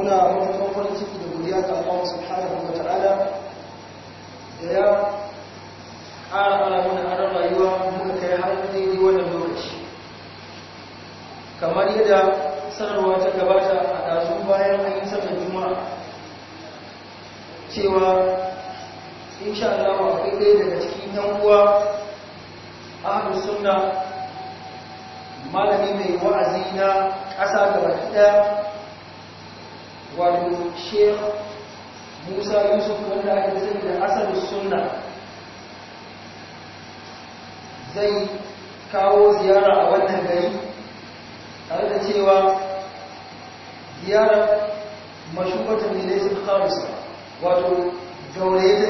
muna mafafan farin ciki da godiya ga Allah subhanahu wa ta'ala da ya ƙara ala mana aran rayuwa muka kai har daidai wannan lokaci kamar yadda sanarwa ta gabata a ɗazu bayan an yi sallar juma'a cewa insha Allah akwai ɗaya daga cikin yan uwa ahlus sunna malami mai wa'azi na ƙasa gaba ɗaya wato sheikh musa yusuf wanda ake sani da asalin sunna zai kawo ziyara a wannan gari tare da cewa ziyara ziyarar mashubatar nilesin kharisa wato ziyara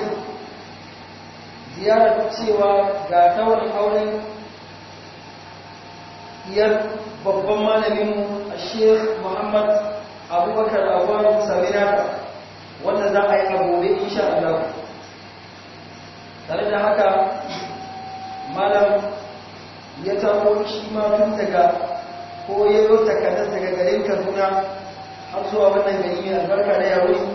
ziyarar cewa ga tawar auren iyar babban malaminmu a sheikh muhammad abubakar awon saminaka wanda za a yi abubuwa insha Allah tare da haka malam ya tamo shi ma tun daga ko ya yi takardar daga garin kaduna har zuwa wannan gari mai albarka da yawon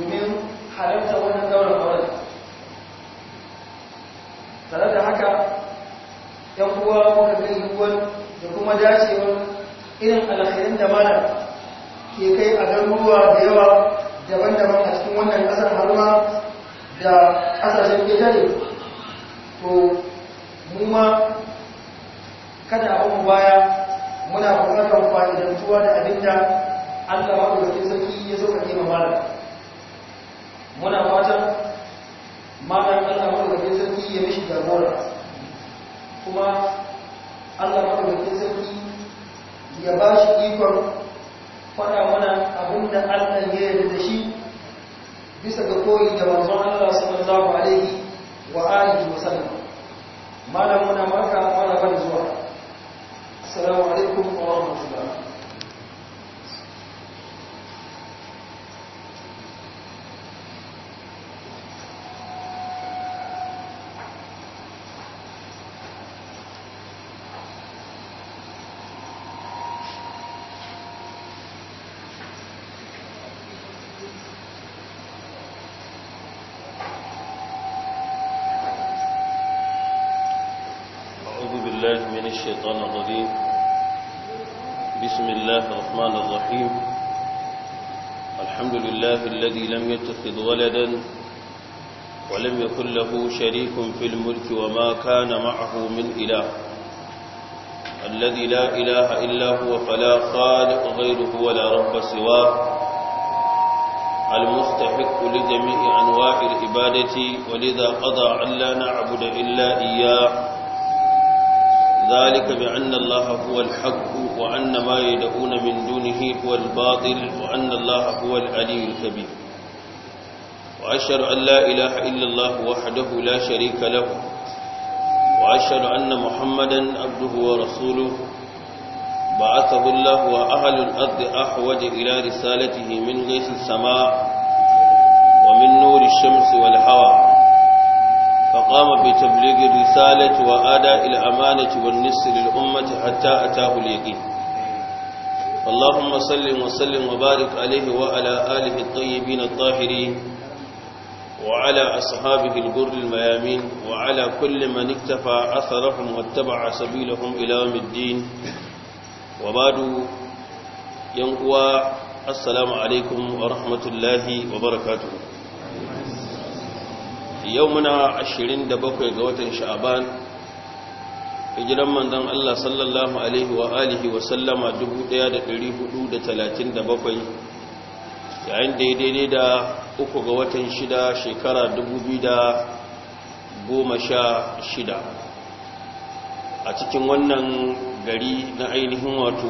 domin halarta wannan daular auren tare da haka yan uwa muka gani yiwuwar da kuma dacewar irin alkhairin da malam ke kai a garuruwa da yawa daban-daban a cikin wannan ƙasar harma da ƙasashen ƙetare to mu ma kada a mu baya muna buƙatar fa'idantuwa da abin da Allah maɗaukakin sarki ya sauka nema malam muna fatan malam Allah maɗaukakin sarki ya mishi jagora kuma Allah maɗaukakin sarki ya ba shi ikon faɗa mana abin da Allah ya yarda da shi bisa ga koyi da manzon Allah sallallahu alaihi wa alihi wa sallam malam marka maka fara zuwa assalamu alaikum شريك في الملك وما كان معه من إله الذي لا إله إلا هو فلا خالق غيره ولا رب سواه المستحق لجميع أنواع العبادة ولذا قضى أن لا نعبد إلا إياه ذلك بأن الله هو الحق وأن ما يدعون من دونه هو الباطل وأن الله هو العلي الكبير وأشهد أن لا إله إلا الله وحده لا شريك له وأشهد أن محمدا عبده ورسوله بعثه الله وأهل الأرض أحوج إلى رسالته من غيث السماء ومن نور الشمس والهواء فقام بتبليغ الرسالة وآداء الأمانة والنصر للأمة حتى أتاه اليقين اللهم صل وسلم وبارك عليه وعلى آله الطيبين الطاهرين وعلى أصحابه الغر الميامين وعلى كل من اكتفى أثرهم واتبع سبيلهم إلى يوم الدين وبعد ينقوى السلام عليكم ورحمة الله وبركاته يومنا عشرين دبقوا قوة شعبان hijiran manzon Allah sallallahu alaihi wa alihi wa sallama 1437 yayin da ya daidai da uku ga watan shida shekara da goma sha shida, a cikin wannan gari na ainihin wato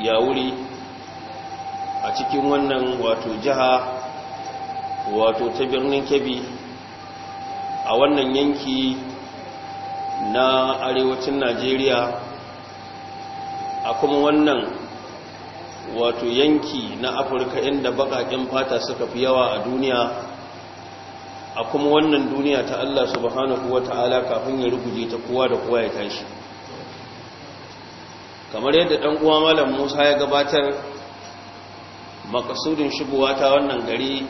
wuri a cikin wannan wato jiha wato ta birnin kebbi a wannan yanki na arewacin najeriya a kuma wannan wato yanki na afirka inda baƙaƙen fata suka fi yawa a duniya a kuma wannan duniya ta allah subhanahu wa ta'ala kafin ya ruguje ta kowa da kowa ya tashi kamar yadda ɗan uwa malam musa ya gabatar makasudin shigowa ta wannan gari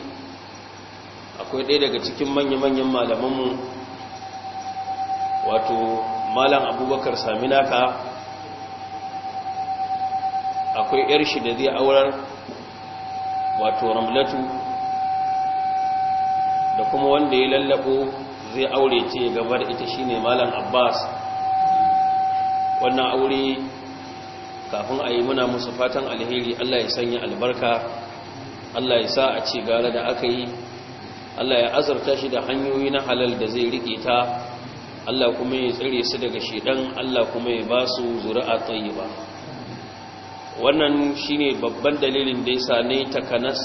akwai ɗaya daga cikin manya-manyan malamanmu wato malam abubakar saminaka akwai yar shi da zai aurar wato ramlatu da kuma wanda ya lallabo zai aure ce da ita shine malam abbas wannan aure kafin a yi muna musu fatan alheri allah ya sanya albarka allah ya sa a ci gara da aka yi allah ya azurta shi da hanyoyi na halal da zai riƙe ta Allah kuma ya tsare su daga shedan Allah kuma ya ba su zuri'a tayyiba wannan shine babban dalilin da yasa ne takanas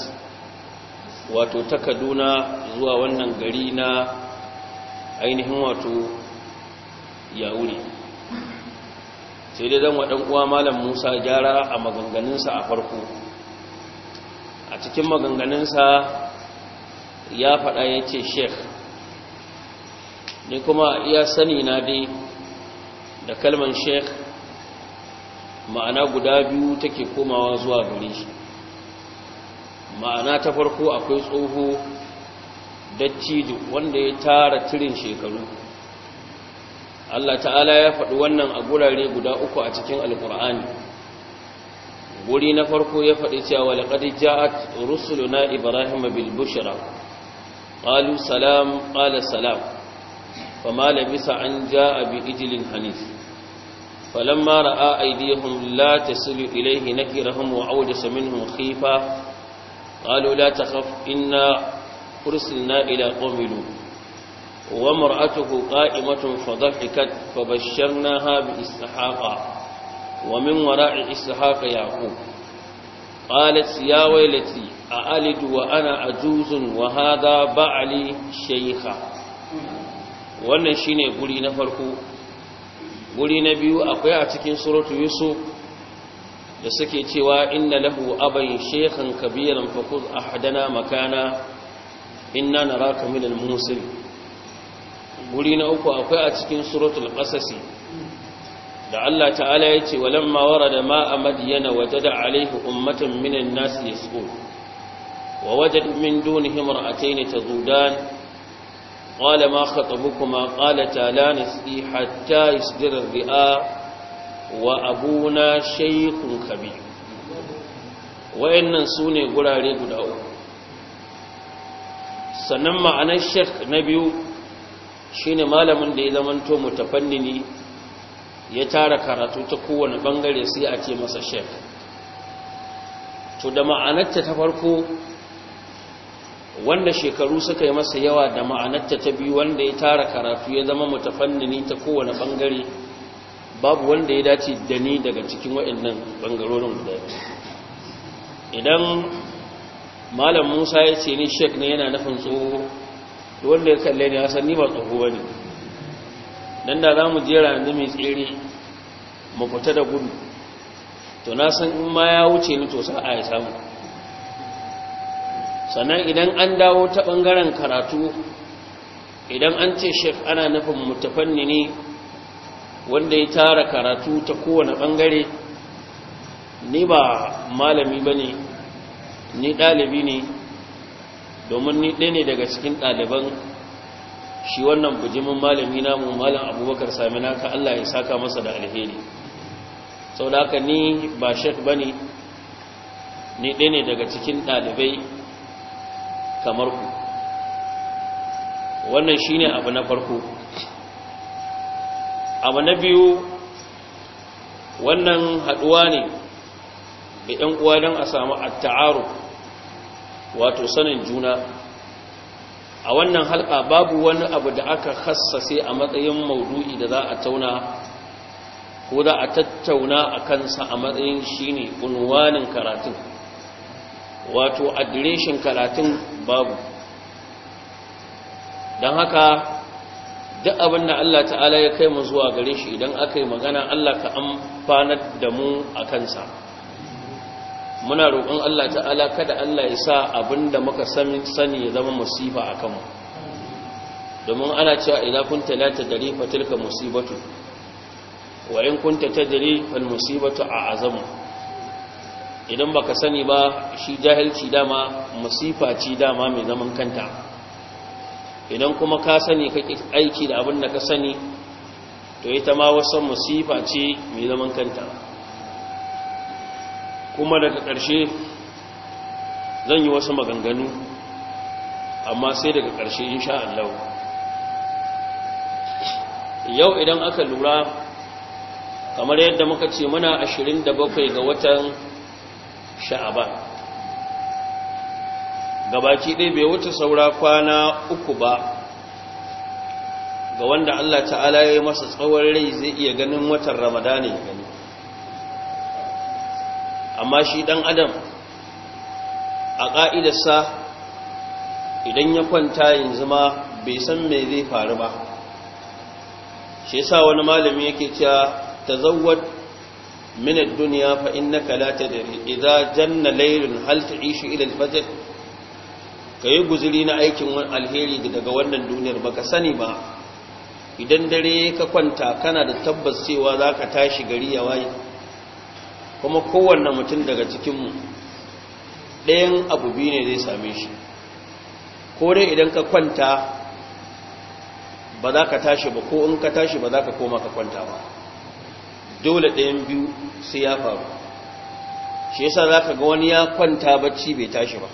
wato ta Kaduna zuwa wannan gari na ainihin wato Yauri sai dai zan wadan uwa malam Musa gyara a maganganunsa a farko a cikin maganganunsa ya faɗa ya ce sheikh ni kuma ya sani na dai da kalman sheikh ma'ana guda biyu take komawa zuwa gare shi ma'ana ta farko akwai tsoho dattijo wanda ya tara tirin shekaru Allah ta'ala ya faɗi wannan a gurare guda uku a cikin Alƙur'ani. guri na farko ya faɗi cewa laƙadi ja'at rusuluna ibrahima bil bushra qalu salam qala salam ma labisa an ja'a bi ijlin hanis فلما رأى أيديهم لا تصل إليه نكرهم وأوجس منهم خيفة قالوا لا تخف إنا أرسلنا إلى قوم لوط ومرأته قائمة فضحكت فبشرناها بإسحاق ومن وراء إسحاق يعقوب قالت يا ويلتي أألد وأنا عجوز وهذا بعلي شيخا wannan shine guri na farko guri na biyu akwai a cikin suratu yusuf da suke cewa inna lahu abai shekhan kabiran fakud hadana makana inna naraka minal musul guri na uku akwai a cikin suratul kasasi da Allah ta'ala ya ce da warada ma'a madiyana wajada alaihi ummatan nasi ya yasqu wa wajad min dunihim ta tazudan قال ما خطبكما قالتا لا نسقي حتى يصدر الرئاء وأبونا شيخ كبير وإن سوني قراري قد أول sannan ma'anar shek na biyu shine malamin da ya zamanto mutafannini ya tara karatu ta kowane bangare sai a ce masa shek. to da ma'anarta ta farko wanda shekaru suka yi masa yawa da ma'anarta ta biyu wanda ya tara karatu ya zama mutafannini ta kowane bangare babu wanda ya dace da ni daga cikin waɗannan bangarorin guda idan malam musa ya ce ni shek ne yana nufin tsoho wanda ya kalle ne hasan ni ba tsoho ba ne don da za mu jera yanzu mai tsere mu fita da gudu to na san in ma ya wuce ni to sa'a ya samu sannan idan an dawo ta ɓangaren karatu idan an ce shef ana nufin mutafanni ne wanda ya tara karatu ta kowane ɓangare ni ba malami ba ne ni ɗalibi ne domin ni ɗaya ne daga cikin ɗaliban shi wannan bujimin malami namu malam abubakar sami naka allah ya saka masa da alheri sau da ni ba shek ba ne ni ɗaya ne daga cikin ɗalibai kamar ku wannan shine abu na farko abu na biyu wannan haduwa ne da ɗan uwa dan a samu atta'aru wato sanin juna a wannan halƙa babu wani abu da aka hassase a matsayin maudu'i da za a tauna ko da a tattauna a kansa a matsayin shine unwanin karatun wato adireshin karatun babu don haka duk abin da Allah ta'ala ya kai mu zuwa gare shi idan aka yi magana Allah ka amfanar da mu a kansa muna roƙon Allah ta'ala kada Allah ya sa abin da muka sani ya zama musifa a kanmu domin ana cewa ina kun talata dare fatilka musibatu wa in kun ta tadari fal musibatu a azamu idan baka sani ba shi jahilci dama masifa ci dama mai zaman kanta idan kuma ka sani ka aiki da abin da ka sani to ita ma wasu masifa ce mai zaman kanta kuma daga ƙarshe zan yi wasu maganganu amma sai daga ƙarshe insha Allah yau idan aka lura kamar yadda muka ce muna 27 ga watan sha'aban gabaki ɗaya bai wuce saura kwana uku ba ga wanda Allah ta'ala ya yi masa tsawon rai zai iya ganin watan ramadana ya gani amma shi ɗan adam a ƙa'idarsa idan ya kwanta yanzu ma bai san mai zai faru ba shi sa wani malami yake cewa ta tazawwad من الدنيا فإنك fa تدري إذا جن ليل هل تعيش hal الفجر ila kai guzuri na aikin alheri daga wannan duniyar baka sani ba idan dare ka kwanta kana da tabbas cewa zaka tashi gari ya waye kuma kowanne mutum daga cikin ɗayan abu biyu ne zai same shi ko dai idan ka kwanta ba za ka tashi ba ko in ka tashi ba za ka koma ka kwanta ba dole ɗayan biyu sai ya faru shi yasa za ka ga wani ya kwanta bacci bai tashi ba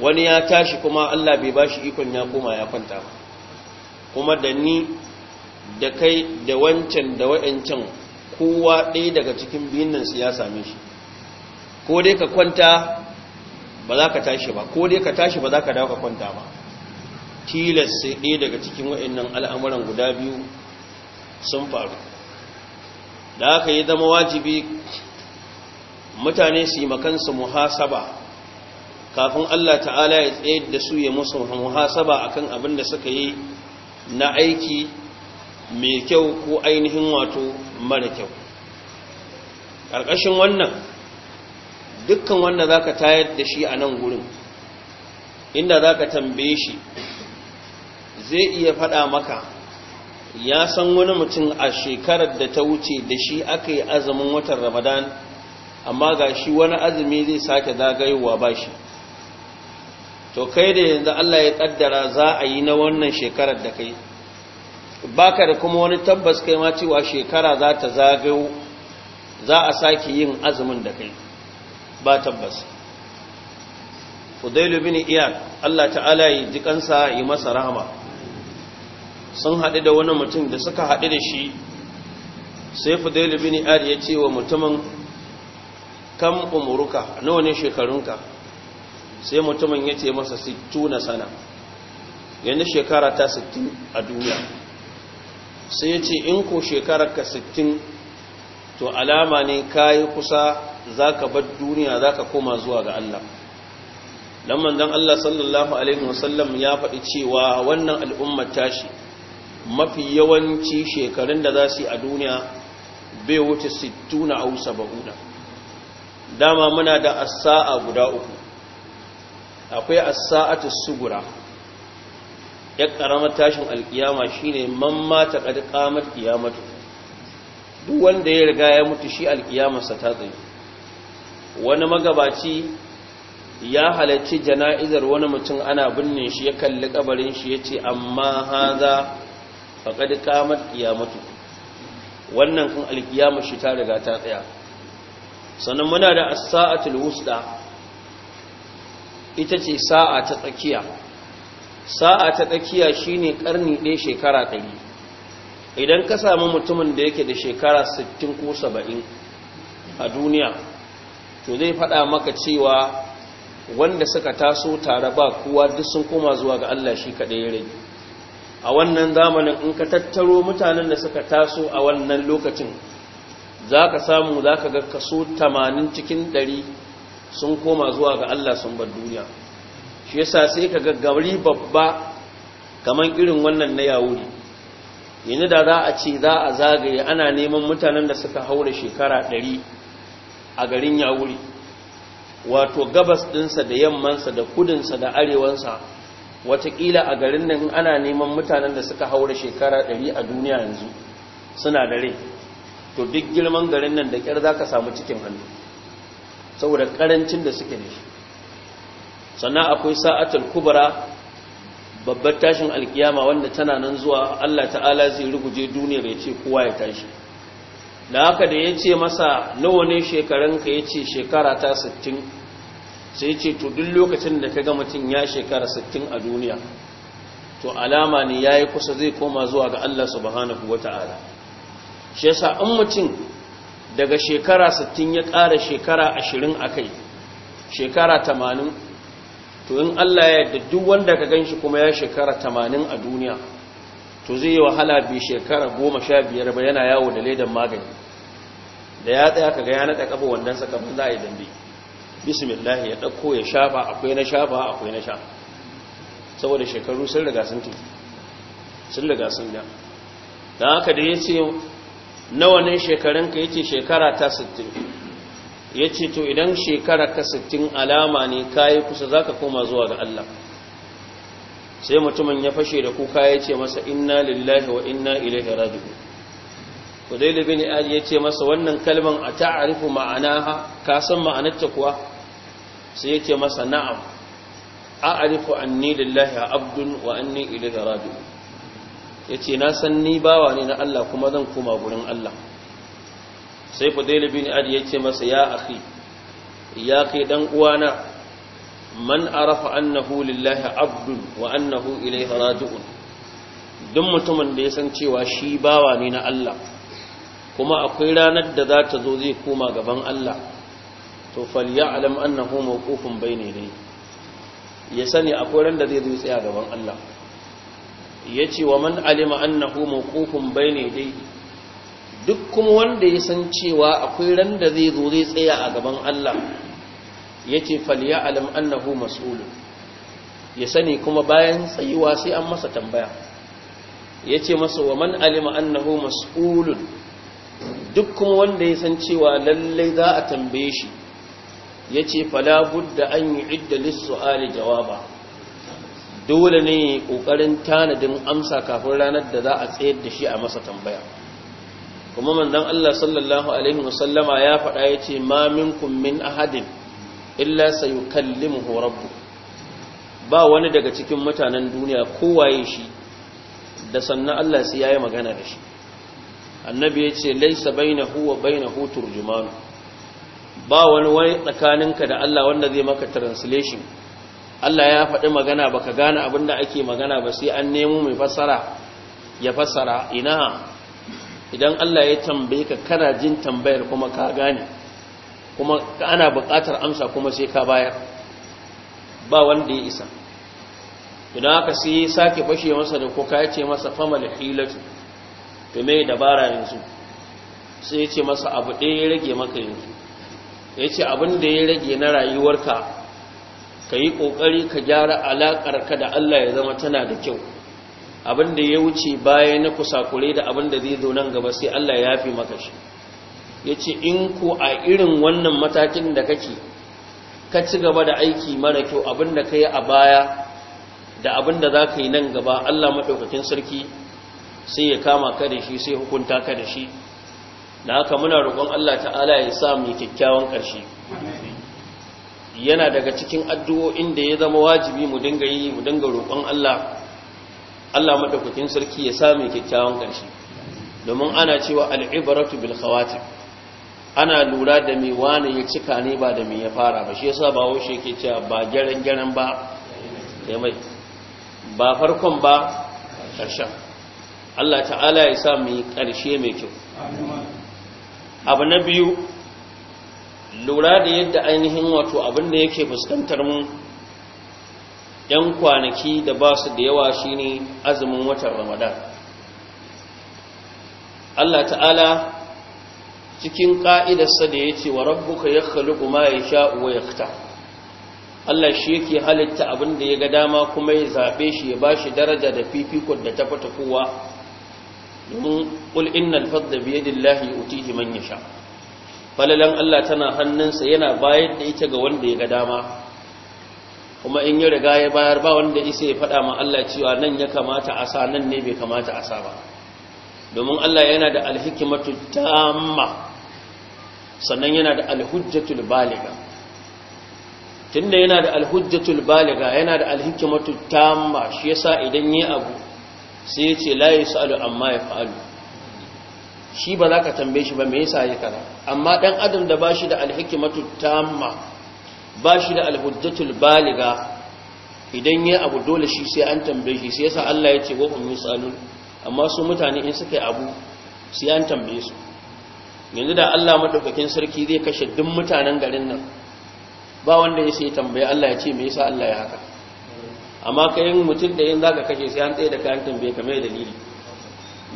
wani ya tashi kuma allah bai ba shi ikon ya koma ya kwanta ba kuma da ni da kai da wancan da wa'ancan kowa ɗaya daga cikin biyun nan ya same shi ko dai ka kwanta ba za ka tashi ba ko dai ka tashi ba za ka dawo ka kwanta ba tilas sai ɗaya daga cikin wa'annan al'amuran guda biyu sun faru da aka yi zama wajibi mutane su yi makansu muhasaba kafin Allah ta'ala ya tsayar da su ya musu muhasaba akan abin da suka yi na aiki mai kyau ko ainihin wato mara kyau ƙarƙashin wannan dukkan wanda za ka tayar da shi a nan gurin inda za ka tambaye shi zai iya faɗa maka ya san wani mutum a shekarar da ta wuce da shi aka yi azumin watan ramadan amma ga shi wani azumi zai sake zagayowa ba shi to kai da yanzu Allah ya kaddara za a yi na wannan shekarar da kai baka da kuma wani tabbas kai ma cewa shekara za ta zagayo za a sake yin azumin da kai ba tabbas fudailu bin iyad Allah ta'ala ya ji kansa yi masa rahama sun haɗu da wani mutum da suka haɗu da shi sai fudail bin ari ya ce wa mutumin kam umuruka nawa ne shekarunka sai mutumin ya ce masa sittu na sana yanzu shekara ta 60 a duniya sai ya ce in ko shekarar ka 60 to alama ne ka yi kusa za ka bar duniya za ka koma zuwa ga Allah dan manzon Allah sallallahu alaihi wasallam ya faɗi cewa wannan al'ummar tashi mafi yawanci shekarun da za su yi a duniya bai wuce 60 au 70 dama muna da asa'a guda uku akwai sa'a ta sugura ya karamar tashin alkiyama shine man mata kad qamat duk wanda ya riga ya mutu shi alkiyamarsa ta tsaye wani magabaci ya halarci jana'izar wani mutum ana binne shi ya kalli kabarin shi ya ce amma haza faƙaɗi qamat ƙiyamatu wannan kun alkiyama shi ta riga ta tsaya sannan muna da a saatul wusta ita ce sa'a ta tsakiya sa'a ta tsakiya shi ne ƙarni ɗaya shekara ɗari idan ka samu mutumin da yake da shekara 60 ko 70 a duniya to zai faɗa maka cewa wanda suka taso tare ba kowa duk sun koma zuwa ga Allah shi kaɗai ya rage a wannan zamanin in ka tattaro mutanen da suka taso a wannan lokacin za ka samu za ka ga kaso 80 cikin 100 sun koma zuwa ga Allah sun bar duniya shi yasa sai ka ga gabari babba kaman irin wannan na yawuri yanzu da za a ce za a zagaye ana neman mutanen da suka haura shekara 100 a garin yawuri wato gabas dinsa da yammansa da kudinsa da arewansa watakila a garin nan ana neman mutanen da suka haura shekara 100 a duniya yanzu suna da rai to duk girman garin nan da kyar zaka samu cikin hannu saboda karancin da suke da shi sannan akwai sa'atul kubra babbar tashin alkiyama wanda tana nan zuwa Allah ta'ala zai ruguje duniyar ya ce kowa ya tashi da haka da ya ce masa nawa ne shekarunka ya ce shekara ta sittin? sai ce to duk lokacin da ka ga mutum ya shekara 60 a duniya to alama ne ya yi kusa zai koma zuwa ga Allah subhanahu wataala shi yasa in mutum daga shekara 60 ya ƙara shekara 20 kai shekara 80 to in Allah ya yarda duk wanda ka ganshi kuma ya shekara 80 a duniya to zai yi wahala bi shekara 15 ba yana yawo da ledan magani da ya tsaya ka ga ya naɗa kafa wandan kafin za a yi dambe bismillah ya ɗauko ya shafa akwai na shafa akwai na sha saboda shekaru sun riga sun tafi sun riga sun da don haka da ya ce nawa ne shekarun ya ce shekara ta 60 ya ce to idan shekara ka 60 alama ne kayi kusa za ka koma zuwa ga Allah sai mutumin ya fashe da kuka ya ce masa inna lillahi wa inna ilaihi raji'un Fudail bin Ali ce masa wannan kalman a ta'arifu ma'anaha ka san ma'anarta kuwa sai ya ce masa na'am a'rifu anni lillahi abdun wa anni ilayhi Ya ce na san ni bawa ne na Allah kuma zan koma gurin Allah sai Fudail bin Ali ce masa ya akhi ya kai dan uwana man arafa annahu lillahi abdun wa annahu ilayhi raji'un duk mutumin da ya san cewa shi bawa ne na Allah kuma akwai ranar da za ta zo zai koma gaban Allah to falyalam annahu kofin bai ne ya sani akwai ran da zai zo tsaya gaban Allah Ya ce wa man alima kofin bai ne dai duk kuma wanda ya san cewa akwai ran da zai zo zai tsaya a gaban Allah ya ce yace falyalam annahu mas'ulun ya sani kuma bayan tsayuwa sai an masa tambaya Ya ce masa wa man alima annahu mas'ulun duk kuma wanda ya san cewa lallai za a tambaye shi ya ce da an yi iddalis su'ali jawaba dole ne ƙoƙarin tanadin amsa kafin ranar da za a tsayar da shi a masa tambaya kuma manzon Allah sallallahu alaihi wasallama ya faɗa ya ce ma minkum min ahadin illa sayukallimuhu horabbu ba wani daga cikin mutanen duniya kowaye shi da sannan Allah sai ya yi magana da shi annabi ya ce laisa bainahu wa bainahu turjumanu ba wani wani tsakaninka da Allah wanda zai maka translation Allah ya faɗi magana baka gane abin da ake magana ba sai an nemo mai fassara ya fassara ina idan Allah ya tambaye ka kana jin tambayar kuma ka gane kuma ana buƙatar amsa kuma sai ka bayar ba wanda ya isa idan aka sai sake fashe masa da kuka ya ce masa famal hilatu to mai dabara yanzu sai ya ce masa abu ɗaya ya rage maka yanzu ya ce abin da ya rage na rayuwarka ka yi ƙoƙari ka gyara alaƙarka da Allah ya zama tana da kyau abin da ya wuce baya na kusakure da abin da zai zo nan gaba sai Allah ya fi maka shi ya ce in ku a irin wannan matakin da kake ka ci gaba da aiki mara kyau abin da ka yi a baya da abin da za ka yi nan gaba Allah maɗaukakin sarki sai ya kama ka da shi sai hukunta ka da shi da haka muna roƙon Allah ta'ala ya sa mu kyakkyawan ƙarshe yana daga cikin addu'o'in da ya zama wajibi mu dinga yi mu dinga roƙon Allah Allah madaukakin sarki ya sa mu kyakkyawan ƙarshe domin ana cewa al al-ibratu bil khawatim ana lura da me wani ya cika ne ba da me ya fara ba shi yasa ba woshe yake cewa ba gyaran gyaran ba mai ba farkon ba ƙarshen Allah ta'ala ya sa mu yi ƙarshe mai kyau abu na biyu lura da yadda ainihin wato abin da yake fuskantar mu yan kwanaki da ba su da yawa shine azumin watan ramadan Allah ta'ala cikin ƙa'idarsa da ya ce wa rabbuka ya khaliqu ma yasha wa yakta Allah shi yake halitta abin ya ga dama kuma ya zabe shi ya bashi daraja da fifikon da ta fata kowa mun qul innal fadla bi yadillahi yu'tihi man yasha falalan Allah tana hannunsa yana bayar da ita ga wanda ya ga dama kuma in ya riga ya bayar ba wanda isa ya faɗa ma Allah cewa nan ya kamata a sa nan ne bai kamata a sa ba domin Allah yana da alhikimatu tamma sannan yana da alhujjatul baliga tunda yana da alhujjatul baliga yana da alhikimatu tamma shi yasa idan yi abu sai ya ce la sa'alu amma ya fa'alu, shi ba za ka tambaye shi ba me yasa ya kara amma ɗan adam da ba shi da alhikimatu tamma shi da alhujjatul baliga idan yayi abu dole shi sai an tambaye shi sai yasa Allah ya ce wa yi yasalun amma su mutane in suka yi abu sai an tambaye su yanzu da Allah madaukakin sarki zai kashe duk mutanen garin nan ba wanda ya sai tambaye Allah ya ce me yasa Allah ya haka amma ka yin mutum da yin zaka kashe sai an tsaye da kayan tambaye ka mai dalili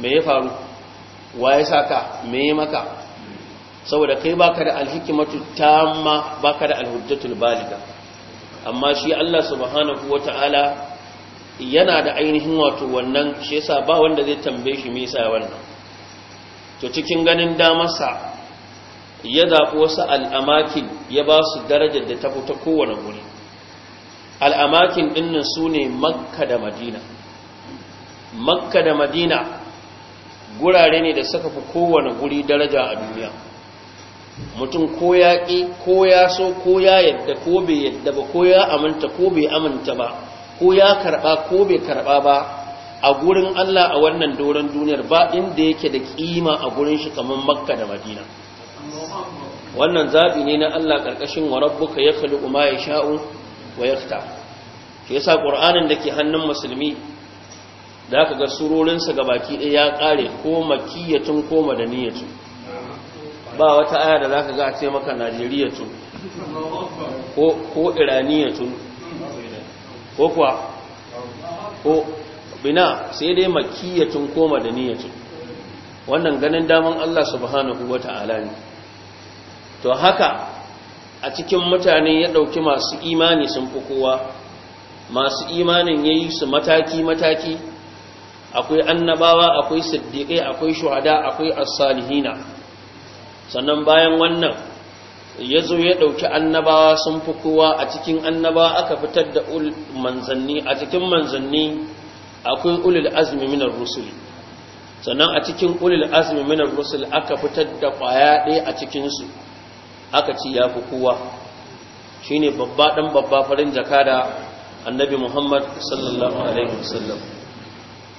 me ya faru wa ya sa ka me ya maka saboda kai baka da alhikimatu tamma baka da alhujjatul baliga amma shi Allah subhanahu wataala yana da ainihin wato wannan shi yasa ba wanda zai tambaye shi me yasa wannan to cikin ganin damar sa ya zaɓi wasu al'amakin ya ba su darajar da ta ta kowane guri al'amakin ɗinnan su ne makka da madina makka da madina gurare ne da suka fi kowane guri daraja a duniya mutum ko ya ƙi ko ya so ko ya yadda ko bai yadda ba ko ya aminta ko bai aminta ba ko ya karɓa ko bai karɓa ba a gurin Allah a wannan doron duniyar ba inda yake da ƙima a gurin shi kamar makka da madina wannan zaɓi ne na Allah ƙarƙashin warabbuka ya khaliqu ya sha'un? wa yakta shi yasa qur'anin da ke hannun musulmi da aka ga surorinsa ga baki ɗaya ya ƙare ko makiyatun ko madaniyatun ba wata aya da zaka ga a ce maka najeriyatun ko iraniyatun ko kuwa ko bina sai dai makiyatun ko madaniyatun wannan ganin daman Allah subhanahu wata ta'ala ne to haka a cikin mutane ya ɗauki masu imani sun fi kowa masu imanin ya yi su mataki-mataki akwai annabawa akwai Saddiƙai, akwai shuhada akwai asalihina sannan bayan wannan ya zo ya ɗauki annabawa sun fi kowa a cikin annabawa aka fitar da manzanni a cikin manzanni akwai ulil azumi minar rusuli sannan a cikin ulil azumi minar rusuli aka fitar da ƙwaya ɗaya a cikinsu aka ci ya fi kowa shi ne babba ɗan babba farin jaka da annabi muhammad sallallahu alaihi wasallam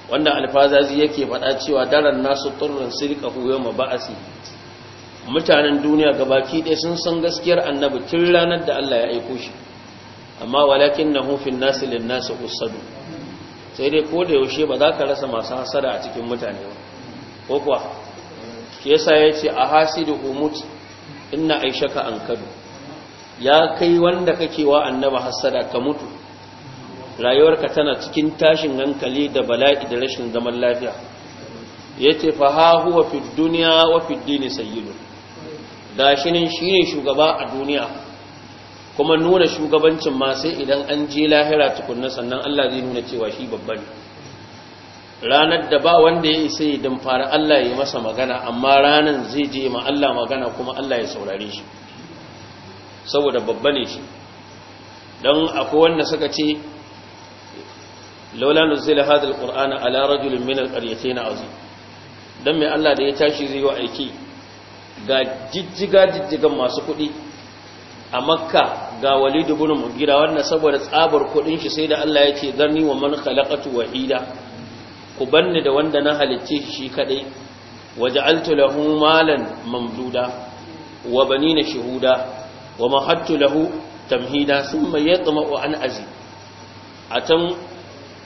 wanda alfazazi yake faɗa cewa daren nasu turin sirka huyo ma ba'asi mutanen duniya gabaki ɗaya sun san gaskiyar annabi tun ranar da allah ya aiko shi amma walakin na hufin nasu lin nasu usadu sai dai ko da yaushe ba za ka rasa masu hasara a cikin mutane ba ko kuwa shi yasa ya ce a Hasi da humut inna aishaka an kadu ya kai wanda kake wa annaba hassada ka mutu rayuwarka tana cikin tashin hankali da bala'i da rashin zaman lafiya yace fa ha huwa fi dunya wa fi dini sayyidu ne shi shine shugaba a duniya kuma nuna shugabancin ma sai idan an je lahira tukunna sannan Allah zai nuna cewa shi babba ne ranar da ba wanda ya isa yi fara Allah ya yi masa magana amma ranar zai je ma Allah magana kuma Allah ya saurare shi saboda babba ne shi don akwai wanda suka ce laula nuzila hadha alqur'ana ala rajulin min alqaryatayn azim dan mai Allah da ya tashi zai yi aiki ga jijjiga jijjigan masu kuɗi a makka ga walidu bin mugira wannan saboda tsabar kuɗin shi sai da Allah ya ce zarni wa man khalaqatu wahida ku banni da wanda na halicce shi kadai waja'altu lahu malan mamduda wa banina shuhuda wa mahattu lahu tamhida thumma yatma'u an azi atan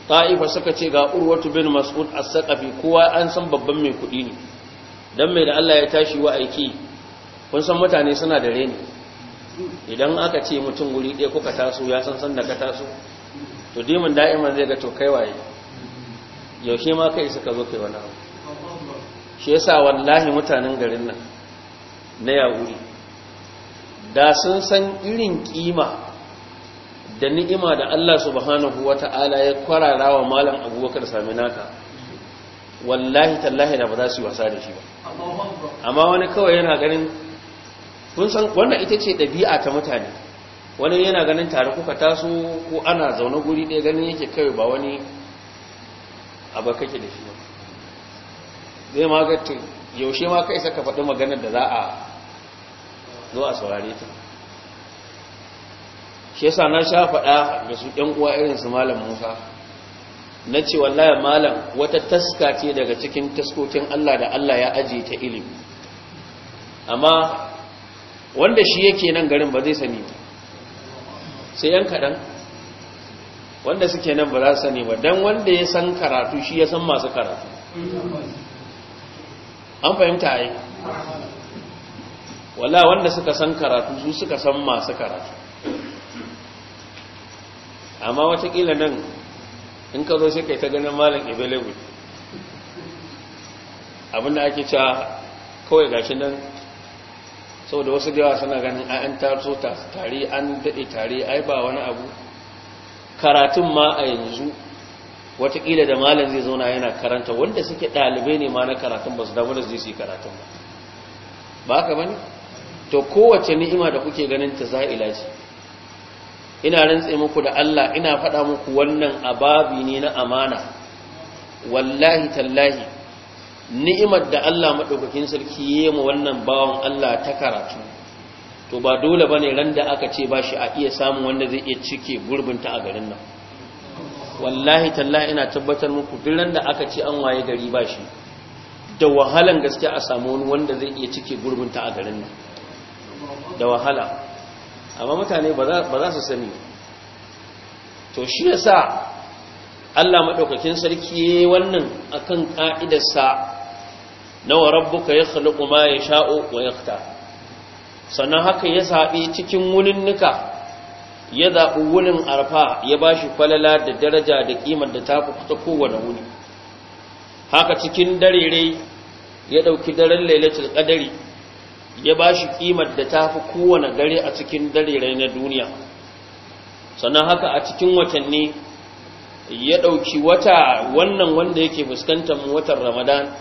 ta'ifa suka ce ga urwatu bin mas'ud as-saqafi kowa an san babban mai kudi ne dan mai da Allah ya tashi wa aiki kun san mutane suna da reni idan aka ce mutum guri ɗaya kuka taso ya san san da ka taso to dimin da'iman zai ga to kai waye yaushe ma kai suka zo kai wani abu shi yasa wallahi mutanen garin nan na yawuri da sun san irin kima da ni'ima da Allah subhanahu wata'ala ya kwarara wa malam abubakar naka? wallahi tallahi da ba za su yi wasa da shi ba amma wani kawai yana ganin kun san wannan ita ce ɗabi'a ta mutane wani yana ganin tare kuka taso ko ana zaune guri ɗaya ganin yake kawai ba wani a kake da shi ba zai magata yaushe ma kai ka faɗi maganar da za a zo a saurare ta shi yasa na sha faɗa ga su ɗan uwa irin su malam Musa na ce wallahi malam wata taska ce daga cikin taskokin Allah da Allah ya ajiye ta ilimi amma wanda shi yake nan garin ba zai sani ba sai yan kaɗan wanda suke nan ba za su sani ba don wanda ya san karatu shi ya san masu karatu an fahimta yi. wala wanda suka san karatu su suka san masu karatu amma watakila nan in ka zo sai kai ta ganin malam ibelewu abinda ake cewa kawai gashi nan saboda wasu da suna ganin an taso tare an daɗe tare ai ba wani abu karatun ma a yanzu watakila da malam zai zauna yana karanta wanda suke ɗalibai ne ma na karatun ba su damu da zai su yi karatun ba ba ka ba to kowace ni'ima da kuke ganin ta a ce ina rantse muku da Allah ina faɗa muku wannan ababi ne na amana wallahi tallahi ni'imar da Allah maɗaukakin sarki ya yi wannan bawan Allah ta karatu to ba dole ba ne ran da aka ce ba shi a iya samun wanda zai iya cike gurbinta a garin nan wallahi talla ina tabbatar muku duk ran da aka ce an waye gari ba shi da wahalan gaske a samu wani wanda zai iya cike gurbinta a garin nan da wahala amma mutane ba za su sani to shi yasa Allah madaukakin sarki wannan akan ka'idarsa na wa rabbuka yakhluqu ma yasha'u wa yaqtar sannan haka ya zaɓi cikin wunin nuka, ya zaɓi wunin arfa ya ba shi falala da daraja da ƙimar da ta kuta kowane wuni haka cikin darere ya ɗauki daren lailatul ƙadari ya ba shi ƙimar da ta fi kowane dare a cikin darere na duniya sannan haka a cikin watanni ya ɗauki wata wannan wanda yake fuskantar watan ramadan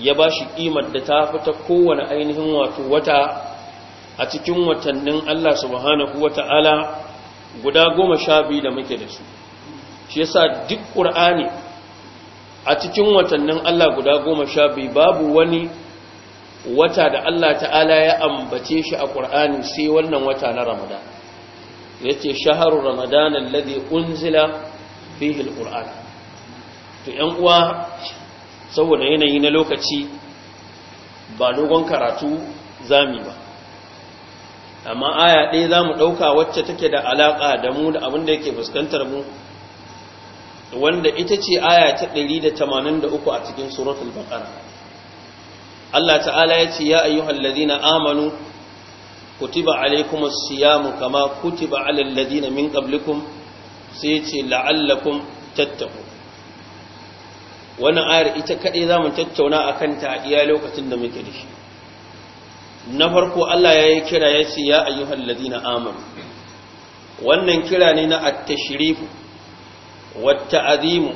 ya ba shi ƙimar da ta fi ta kowane ainihin wato wata a cikin watannin Allah subhanahu wata'ala guda goma sha biyu da muke da su shi yasa duk ƙur'ani a cikin watannin Allah guda goma sha biyu babu wani wata da Allah ta'ala ya ambace shi a ƙur'ani sai wannan wata na ramadan ya ce shaharu ramadan alladhi unzila fihi alquran to yan uwa saboda yanayi na lokaci ba dogon karatu zami ba amma aya ɗaya za mu ɗauka wacce take da alaƙa da mu da abin da yake fuskantar mu wanda ita ce aya ta 183 a cikin suratul baqara Allah ta'ala ya ce ya ayyuhal ladina amanu kutiba alaikumus siyamu kama kutiba alal ladina min qablikum sai ya ce la'allakum tattaqu wannan ayar ita kaɗai za mu tattauna a kanta a iya lokacin da muke da shi na farko Allah ya yi kira ya ce ya ayyuhal ladina amanu wannan kira ne na at-tashrif wat-ta'zim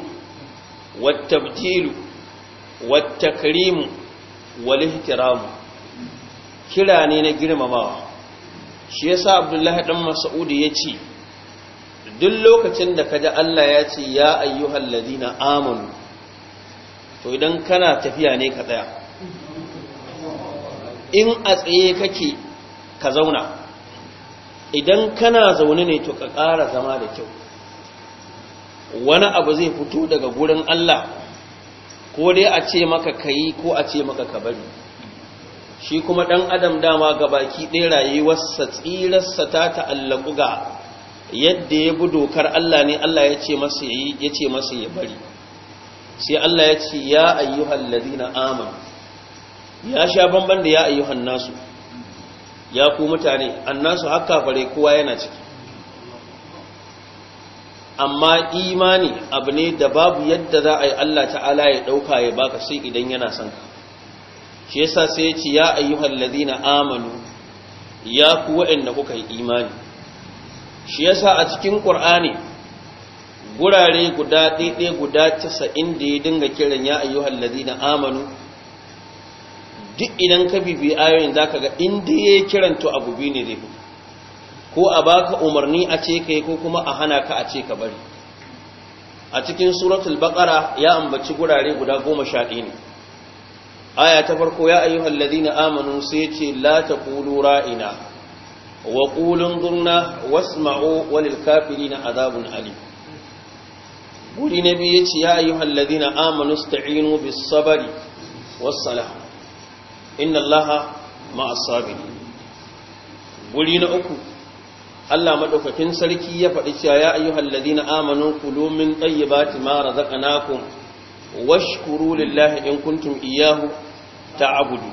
wat-tabdil wat-takrim wal kira ne na girmamawa shi yasa Abdullahi dan Mas'ud ya ce duk lokacin da kaji Allah ya ce ya ayyuhal ladina amanu to idan kana tafiya ne ka tsaya in a tsaye kake ka zauna idan kana zaune ne to ka ƙara zama da kyau wani abu zai fito daga gurin Allah ko dai a ce maka kayi ko a ce maka ka bari shi kuma ɗan adam dama ga baki ɗaya rayuwarsa tsirarsa ta ta'allaku ga yadda ya bi dokar Allah ne Allah ya ce masa ya bari sai Allah ya ce ya ayyuhan ladina amanu ya sha banban da ya ayyu hannasu, ya ku mutane annasu haka fare kowa yana ciki amma imani abu ne da babu yadda za a yi Allah ta'ala ya ɗauka ya baka sai idan yana son ka shi yasa sai ya ce ya ayyuhal ladina amanu ya ku waɗanda kuka yi imani shi yasa a cikin Qur'ani gurare guda ɗaiɗai guda casa'in da ya dinga kiran ya ayyuhal ladina amanu duk idan ka bibi ayoyin za ka ga inda ya yi kiranto abu biyu ne zai ko a baka umarni a ce ka yi ko kuma a hana ka a ce ka bari a cikin suratul baqara ya ambaci gurare guda goma sha ɗaya ne aya ta farko ya ayyuhal ladina amanu sai ce la Kulu ra'ina wa qulu durna wasma'u walil na azabun Ali. guri na biyu ce ya ayyuhal ladina amanu sta'inu bis sabri inna allaha ma'as guri na uku Allah madaukakin sarki ya faɗi cewa ya ayyuhal ladina amanu kulu min tayyibati ma razaqnakum washkuru lillahi in kuntum ta ta'budu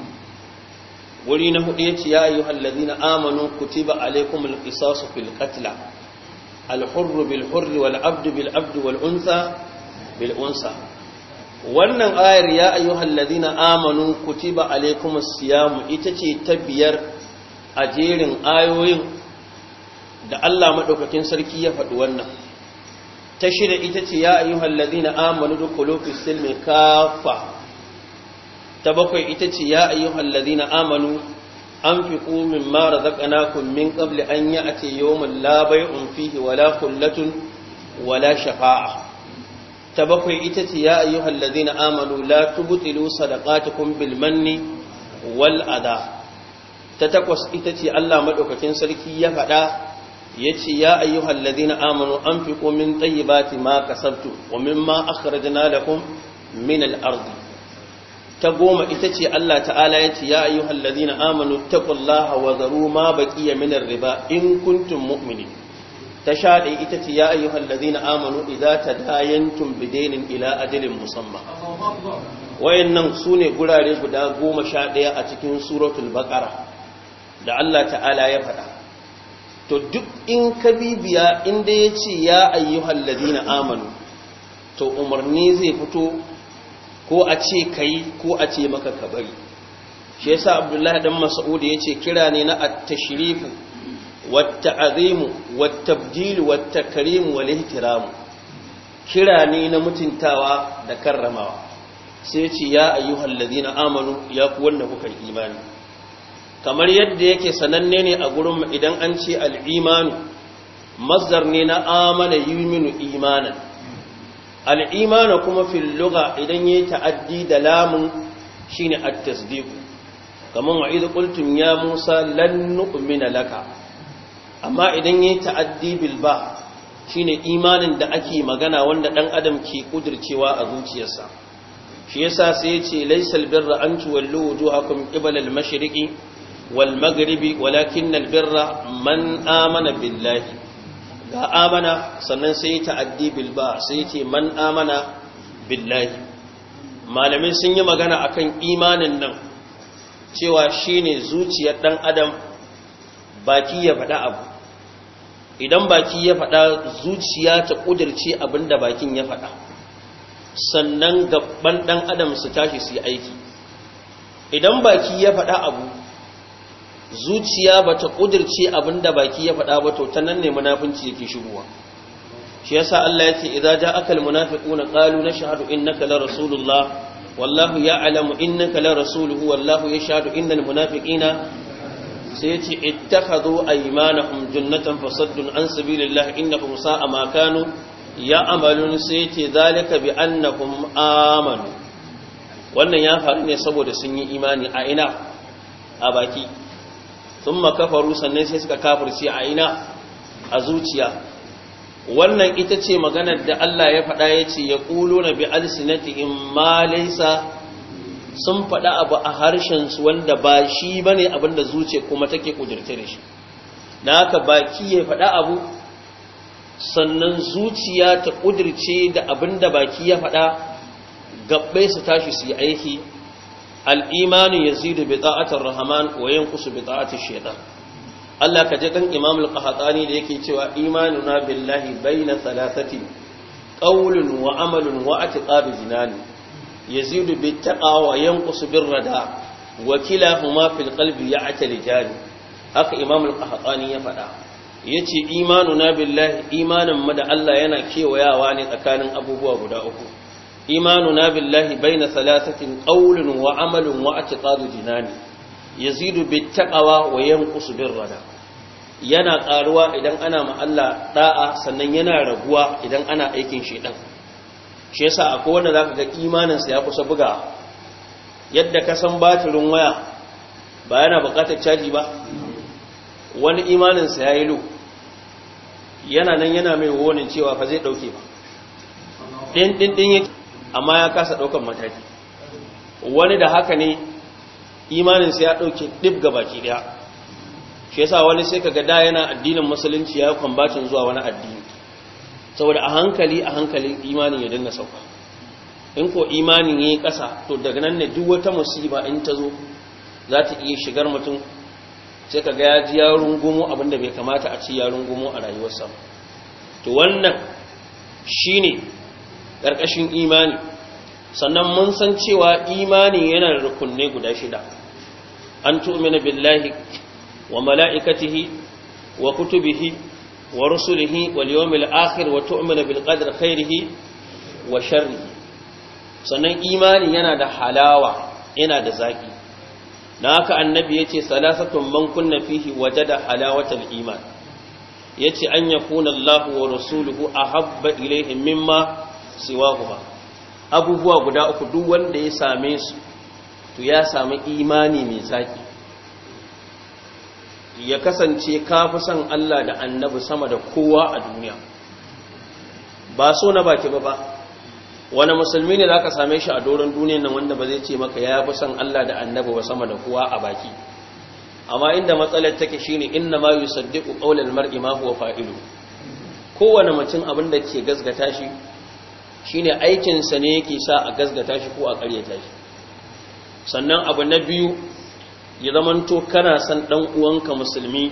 guri na hudu yace ya ayyuhal ladina amanu kutiba alaikum qisas fil qatl al hurr bil hurr wal abd bil abdu wal unsa bil unsa wannan ayar ya ayyuhal ladina amanu kutiba alaikumus siyamu ita ce ta biyar a jerin ayoyin da Allah madaukakin sarki ya faɗi wannan ta shida ita ce ya ayyuhal ladina amanu dukulu fis silmi kafa ta bakwai ita ce ya ayyuhal ladina amanu anfiqu mimma razaqnakum min qabli an ya'ti yawmin la bay'un fihi wala kullatun wala shafa'a ta bakwai ita ce ya ayyuhal ladina amanu la tubtilu sadaqatukum bil manni wal wal'ada. ta takwas ita ce Allah maɗaukacin sarki ya faɗa yace ya ayyuhal ladina amanu anfiqu min tayyibati ma kasabtu wa mimma da kun min al ta goma ita ce Allah ta'ala yace ya ayyuhal ladina amanu taqullaha wa zaru ma baqiya min riba in kuntun mumini ta sha ɗaya ita ce ya ayyuhal ladina amanu ta tadayantum bidainin ila ajalin musamman wayannan sune gurare guda goma sha ɗaya a cikin suratul bakara. da Allah ta'ala ya faɗa to duk in ka bibiya inda ya ce ya ayyuhal ladina amanu to umarni zai fito ko a ce kai ko a ce maka ka bari shi yasa abdullahi dan mas'ud yace kira ne na at-tashrifu والتعظيم والتبجيل والتكريم والاحترام كراني mutuntawa da karramawa sai ce ya ayyuhal na amanu ya ku wanda kuka imani kamar yadda yake sananne ne a gurin idan an ce al-imanu ne na amana yuminu imanan al kuma fil lugha idan yayi ta'addi da lamun shine at-tasdiq kamar a idh qultum ya musa lan laka amma idan yayi ta'addi bilba, ba shine imanin da ake magana wanda ɗan adam ke kudircewa a zuciyarsa shi yasa sai yace laysal birra an tuwallu wujuhakum hakun al mashriqi wal maghribi walakin al birra man amana billahi ga amana sannan sai ta'addi bilba sai ya ce man amana billahi malamai sun yi magana akan imanin nan cewa shine zuciyar ɗan adam baki ya faɗa abu idan baki ya faɗa zuciya ta ƙudirce abinda bakin ya faɗa sannan gaban ɗan adam su tashi su yi aiki idan baki ya faɗa abu zuciya ba ta ƙudirce abinda baki ya faɗa ba to ta nan ne munafunci yake shigowa shi yasa Allah ya ce ja akal munafiquna qalu nashhadu innaka la rasulullah wallahu ya'lamu innaka la rasuluhu wallahu yashhadu innal munafiqina sai ya ce yi aymanahum jannatan fasaddun an kuma sa a ma ya amalin sai ya ce zalika bi annahum amanu wannan ya faru ne saboda sun yi imani a ina a baki thumma kafaru sannan sai suka kafirci a ina a zuciya wannan ita ce maganar da Allah ya faɗa ya ce ya ƙulo na bi in ma laisa sun faɗa abu a harshen su wanda ba shi bane abin da zuciya kuma take kudirce da shi na haka baki ya faɗa abu sannan zuciya ta kudirce da abinda baki ya faɗa gabbe su tashi su yi aiki al ya zidu bi ta'atar rahaman wa yankusu bi ta'atar shaitan Allah ka je kan Imam al qahatani da yake cewa imanuna billahi baina thalathati qawlun wa amalun wa i'tiqadu zinani yazidu bi taqawa yanqusu bir rada wa kilahuma fil qalbi ya'tali jari haka imam al-qahtani ya faɗa yace imanuna billahi imanin mu da Allah yana kewayawa ne tsakanin abubuwa guda uku imanuna billahi baina salasatin qawlun wa amalun wa i'tiqadu jinani yazidu bi wa 'yan bir rada yana ƙaruwa idan ana ma Allah da'a sannan yana raguwa idan ana aikin shedan shi yasa akwai wanda zaka ga imaninsa ya kusa buga yadda ka san batirin waya ba yana buƙatar caji ba wani imaninsa ya yi lo yana nan yana mai wonin cewa fa zai ɗauke ba ɗin ɗin ɗin yake amma ya kasa ɗaukar mataki wani da haka ne imaninsa ya ɗauke ɗib ga baki daya shi yasa wani sai ka ga da yana addinin musulunci ya kwambacin zuwa wani addini saboda a hankali a hankali imanin ya danna sauka in ko imanin ya yi ƙasa to daga nan ne duk wata musiba in ta zo za ta iya shigar mutum sai ka ga ya ji ya rungumo abinda bai kamata a ci ya rungumo a rayuwarsa to wannan shine ƙarƙashin imani sannan mun san cewa imani yana da rukunne guda shida an tu'mina billahi wa mala'ikatihi wa kutubihi wa rusulihi wal yawmil akhir wa tu'minu bil qadri khairihi wa sharrihi sannan imani yana da halawa yana da zaki na haka annabi yace salasatun man kunna fihi wajada halawatal iman yace an yakuna Allahu wa rasuluhu ahabba ilayhi mimma siwahuma abubuwa guda uku duk wanda ya same su to ya samu imani mai zaki ya kasance ka fi son Allah da annabi sama da kowa a duniya ba so na baki ba ba wani musulmi ne za ka same shi a doron duniyan nan wanda ba zai ce maka ya fi son Allah da annabi ba sama da kowa a baki amma inda matsalar take shine inna ma yusaddiqu al mar'i ma huwa fa'ilu kowane mutum abin da ke gazgata shi shine aikin sa ne yake sa a gazgata shi ko a ƙaryata shi sannan abu na biyu ya zamanto kana san dan uwanka musulmi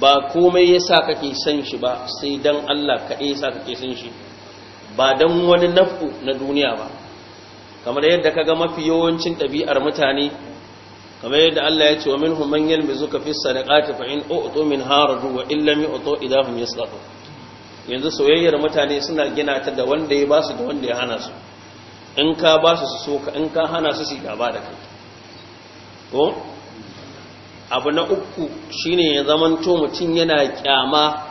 ba komai yasa kake san shi ba sai dan Allah kaɗai yasa kake san shi ba dan wani nafu na duniya ba kamar yadda kaga mafi yawancin ɗabi'ar mutane kamar yadda Allah ya ce wa minhum man ka fi sadaqati fa in u'tu min haradu wa in lam yu'tu idahum yasqatu yanzu soyayyar mutane suna gina ta da wanda ya basu da wanda ya hana su in ka basu su soka in ka hana su su gaba da kai ko abu na uku shine ya zamanto mutum yana kyama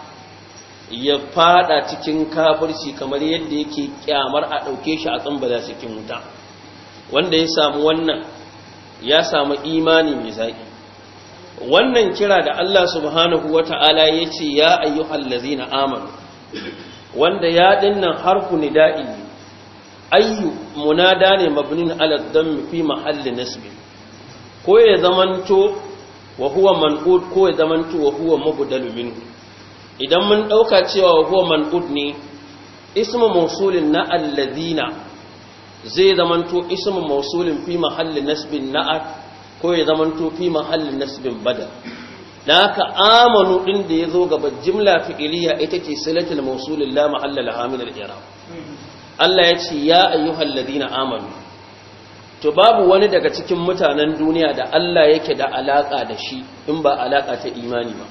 ya fada cikin kafirci kamar yadda yake kyamar a dauke shi a tsambala cikin wuta wanda ya samu wannan ya samu imani mai zaki wannan kira da Allah subhanahu wata'ala ya ce ya ayyuhal lazina amanu wanda ya dinnan harfu nida'i ayyu munada ne mabnin ala dhammi fi mahalli nasbi ko ya zamanto wa huwa man'ud ko ya zamanto wa huwa mabdalu idan mun dauka cewa wa huwa man'ud ne ismu mawsulin na alladhina zai zamanto ismu mawsulin fi mahalli nasbin na'at ko ya zamanto fi mahalli nasbin badal da haka amanu din da ya zo gaba jimla fi'iliya ita ce silatul mawsulin la mahalla la hamil al-i'rab Allah ya ce ya ayyuhal ladina amanu to babu wani daga cikin mutanen duniya da Allah yake da alaka da shi in ba alaka ta imani ba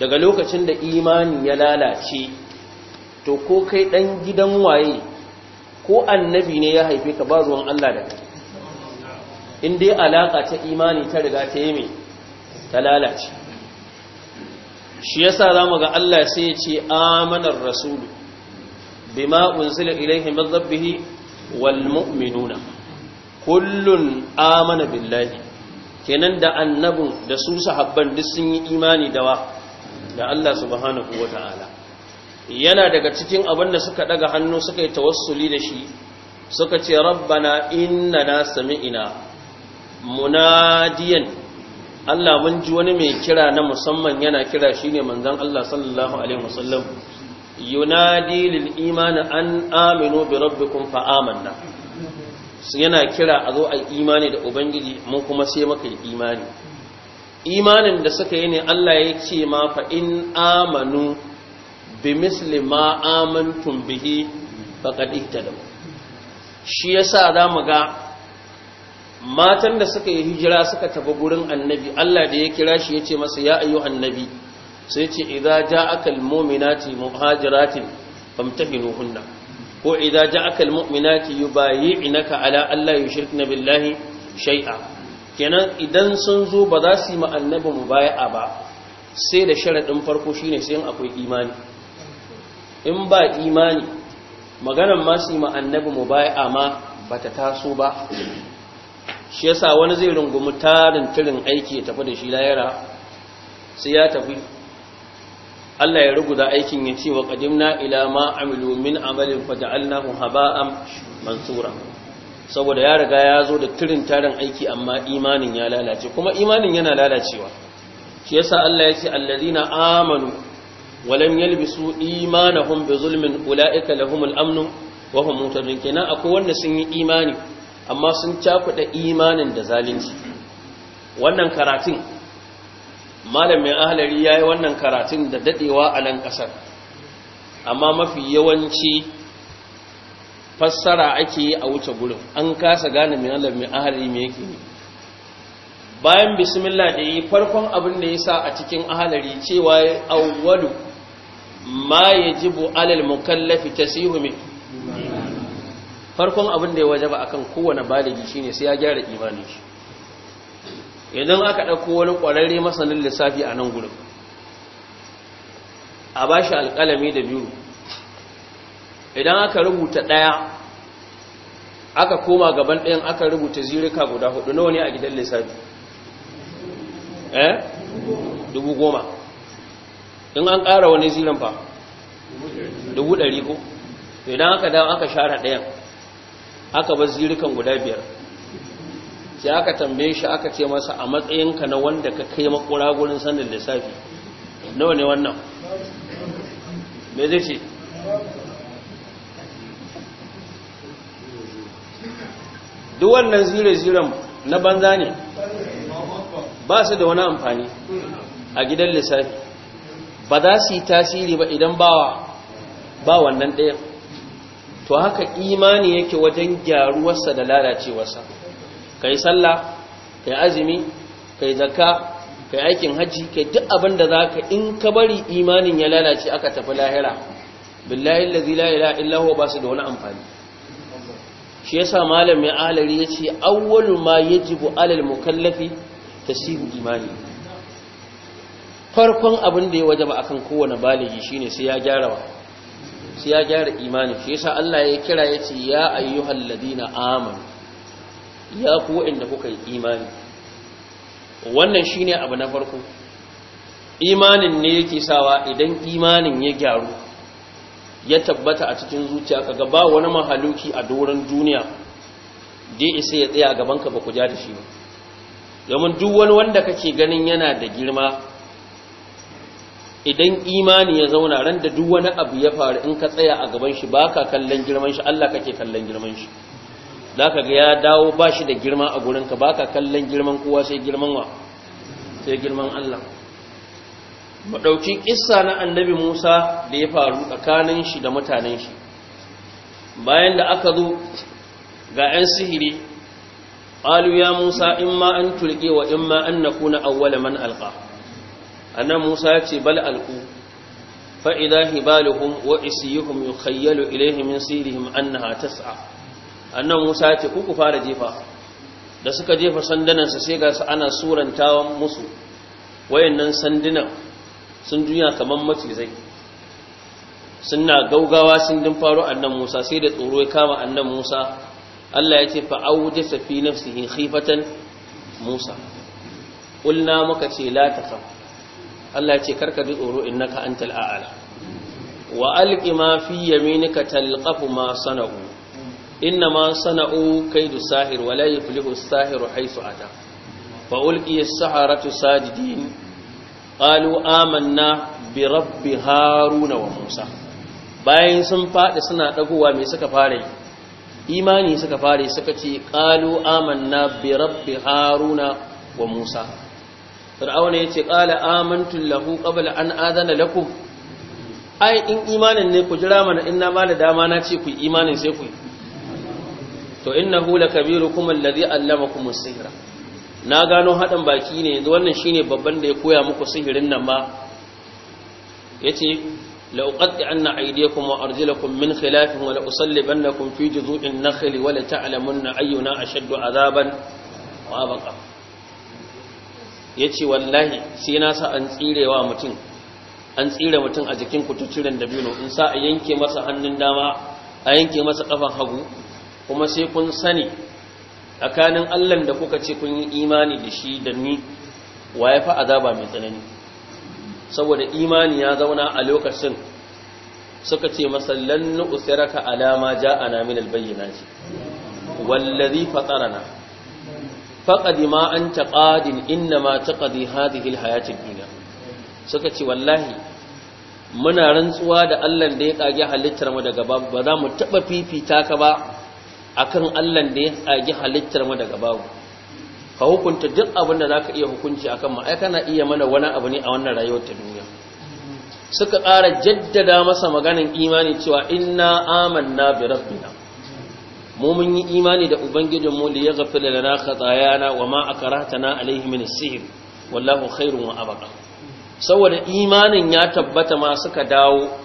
daga lokacin da imani ya lalace to ko kai dan gidan waye ko annabi ne ya haife ka ba ruwan Allah da kai in dai alaka ta imani ta riga ta yi me ta lalace shi yasa zamu ga Allah sai ya ce amanar rasulu bima unzila ilaihi min rabbihi wal mu'minuna kullun amana billahi kenan da annabin da su sahabban duk sun yi imani da wa da Allah subhanahu wata'ala yana daga cikin abin da suka daga hannu suka yi tawassuli da shi suka ce rabbana inna sami'ina munadiyan Allah mun ji wani mai kira na musamman yana kira shine manzon Allah sallallahu alaihi wasallam yunadi lil iman an aminu bi rabbikum fa amanna yana kira a zo a imani da ubangiji mun kuma sai maka yi imani imanin da suka yi ne Allah ya ce ma fa in amanu bi misli ma amantum bihi faqad ihtadaw shi yasa mu ga matan da suka yi hijira suka tafi gurin annabi Allah da ya kira shi ya ce masa ya ayyu annabi sai yace idza ja'aka muminati muhajiratin famtahinuhunna ko idza ja'aka almu'minati yubayyi'naka ala alla yushrikna billahi shay'a kenan idan sun zo ba za su yi ma annabi mubaya'a ba sai da sharadin farko shine sai in akwai imani in ba imani maganar ma su yi ma annabi mubaya'a ma ta taso ba shi yasa wani zai rungumi tarin tirin aiki ya tafi da shi layara sai ya tafi Allah ya ruguza aikin ya ce wa qadimna ila ma amilu min amalin faja'alnahu haba'an mansura saboda ya riga ya zo da turin tarin aiki amma imanin ya lalace kuma imanin yana lalacewa shi yasa Allah ya ce allazina amanu wa yalbisu imanahum bi zulmin ulaika lahumul amnu wa hum muhtadun kenan akwai wanda sun yi imani amma sun cakuɗa imanin da zalunci wannan karatun Malam mai ahalari ya yi wannan karatun da dadewa a nan kasar amma mafi yawanci fassara ake yi a wuce gurin an kasa gane mai ahalari mai yake ne bayan bismillah da yi farkon abin da ya sa a cikin ahalari cewa awwalu ma ya ji bu alal mukallafi tasihu min farkon abin da ya wajaba akan kowane baligi ne sai ya gyara imanin shi idan aka ɗauko wani ƙwararre masanin lissafi a nan gudun a ba shi alƙalami da biyu idan aka rubuta ɗaya aka koma gaban ɗayan aka rubuta zirika guda hudu nawa ne a gidan lissafi eh dubu goma in an ƙara wani zirin fa dubu ɗari ko idan aka dawo aka share ɗayan aka bar zirikan guda biyar sai aka tambaye shi aka ce masa a matsayinka na wanda ka kai makura gurin sanin lissafi nawa ne wannan me zai ce duk wannan zire-ziren na banza ne ba su da wani amfani a gidan lissafi ba za su yi tasiri ba idan ba wannan ɗaya to haka imani yake wajen gyaruwarsa da lalacewarsa kai sallah kai azumi kai zakka kai aikin hajji kai duk abin da zaka in ka bari imanin ya lalace aka tafi lahira billahi allazi la ilaha illa huwa basu da wani amfani shi yasa malam ya alari yace awwalu ma yajibu alal mukallafi tasihu imani farkon abin da ya wajaba akan kowane baligi shine sai ya gyara wa sai ya gyara imani shi yasa Allah ya kira yace ya ayyuhal ladina amanu ya ku waɗanda kuka yi imani wannan shi ne abu na farko imanin ne yake sawa idan imanin ya gyaru ya tabbata a cikin zuciya kaga ba wani mahaluki a doron duniya da isa ya tsaya gaban ka ba ku ja da shi ba domin duk wani wanda kake ganin yana da girma idan imani ya zauna ran da duk wani abu ya faru in ka tsaya a gaban shi baka kallon girman shi Allah kake kallon girman shi za ka ga ya dawo ba shi da girma a gurinka ba ka kallon girman kowa sai girman wa sai girman Allah maɗauki ƙissa na annabi musa da ya faru tsakanin shi da mutanen shi bayan da aka zo ga 'yan sihiri ƙalu ya musa in ma an turge wa in ma an na kuna awwala man alƙa annan musa ya ce bal alƙu fa'ida hibaluhum wa isiyuhum yukhayyalu ilaihim min sirihim annaha tas'a annan musa ya ce ku fara jefa da suka jefa sandunansa sai ga su ana surantawan musu wayannan sandunan sun juya kamar macizai suna gaugawa sun din faro annan musa sai da tsoro ya kama annan musa allah ya ce fa'auje safi nafsihin khifatan musa ƙulna muka ce lataka. allah ya ce karka ji tsoro in innaka antal a'ala wa alƙi ma mini ka talqafu ma sana'u inna ma sana'u kaidu sahir wala yuflihu as-sahiru haythu ata fa ulqiya as-saharatu sajidin qalu amanna bi rabbi haruna wa musa bayan sun fadi suna dagowa me suka fara yi imani suka fara suka ce qalu amanna bi rabbi haruna wa musa fir'auna yace qala amantu lahu qabla an adana lakum ai in imanin ne ku jira mana in na ba da dama na ce ku imanin sai ku yi to innahu lakabirukum alladhi allamakum as-sihra na gano hadan baki ne yanzu wannan shine babban da ya koya muku sihirin nan ma yace la uqatti anna aydiyakum wa arjulakum min khilafin wa la usallibannakum fi juzu'in nakhli wa la ta'lamunna ayyuna ashaddu azaban wa abqa yace wallahi sai na sa an tsirewa mutum an tsire mutum a jikin kututturen dabino in sa a yanke masa hannun dama a yanke masa kafan hagu kuma sai kun sani tsakanin allan da kuka ce kun yi imani da shi da ni wa ya fi azaba mai tsanani saboda imani ya zauna a lokacin suka ce masallan nu'usiraka alama ja'ana min ce wallazi fatarana faƙadi ma anta qadin innama taqdi hadhihi alhayati ad-dunya suka ce wallahi muna rantsuwa da Allah da ya kage halittar mu daga babu ba za mu taɓa fifita ka ba akan Allah da ya tsagi halittar mu daga babu ka hukunta duk abin da zaka iya hukunci akan mu ai kana iya mana wani abu ne a wannan rayuwar ta duniya suka ƙara jaddada masa maganin imani cewa inna amanna bi rabbina mu mun yi imani da ubangijin mu da ya gafila lana khatayana wa ma akrahtana alayhi min as-sihr wallahu khairun wa abqa saboda imanin ya tabbata ma suka dawo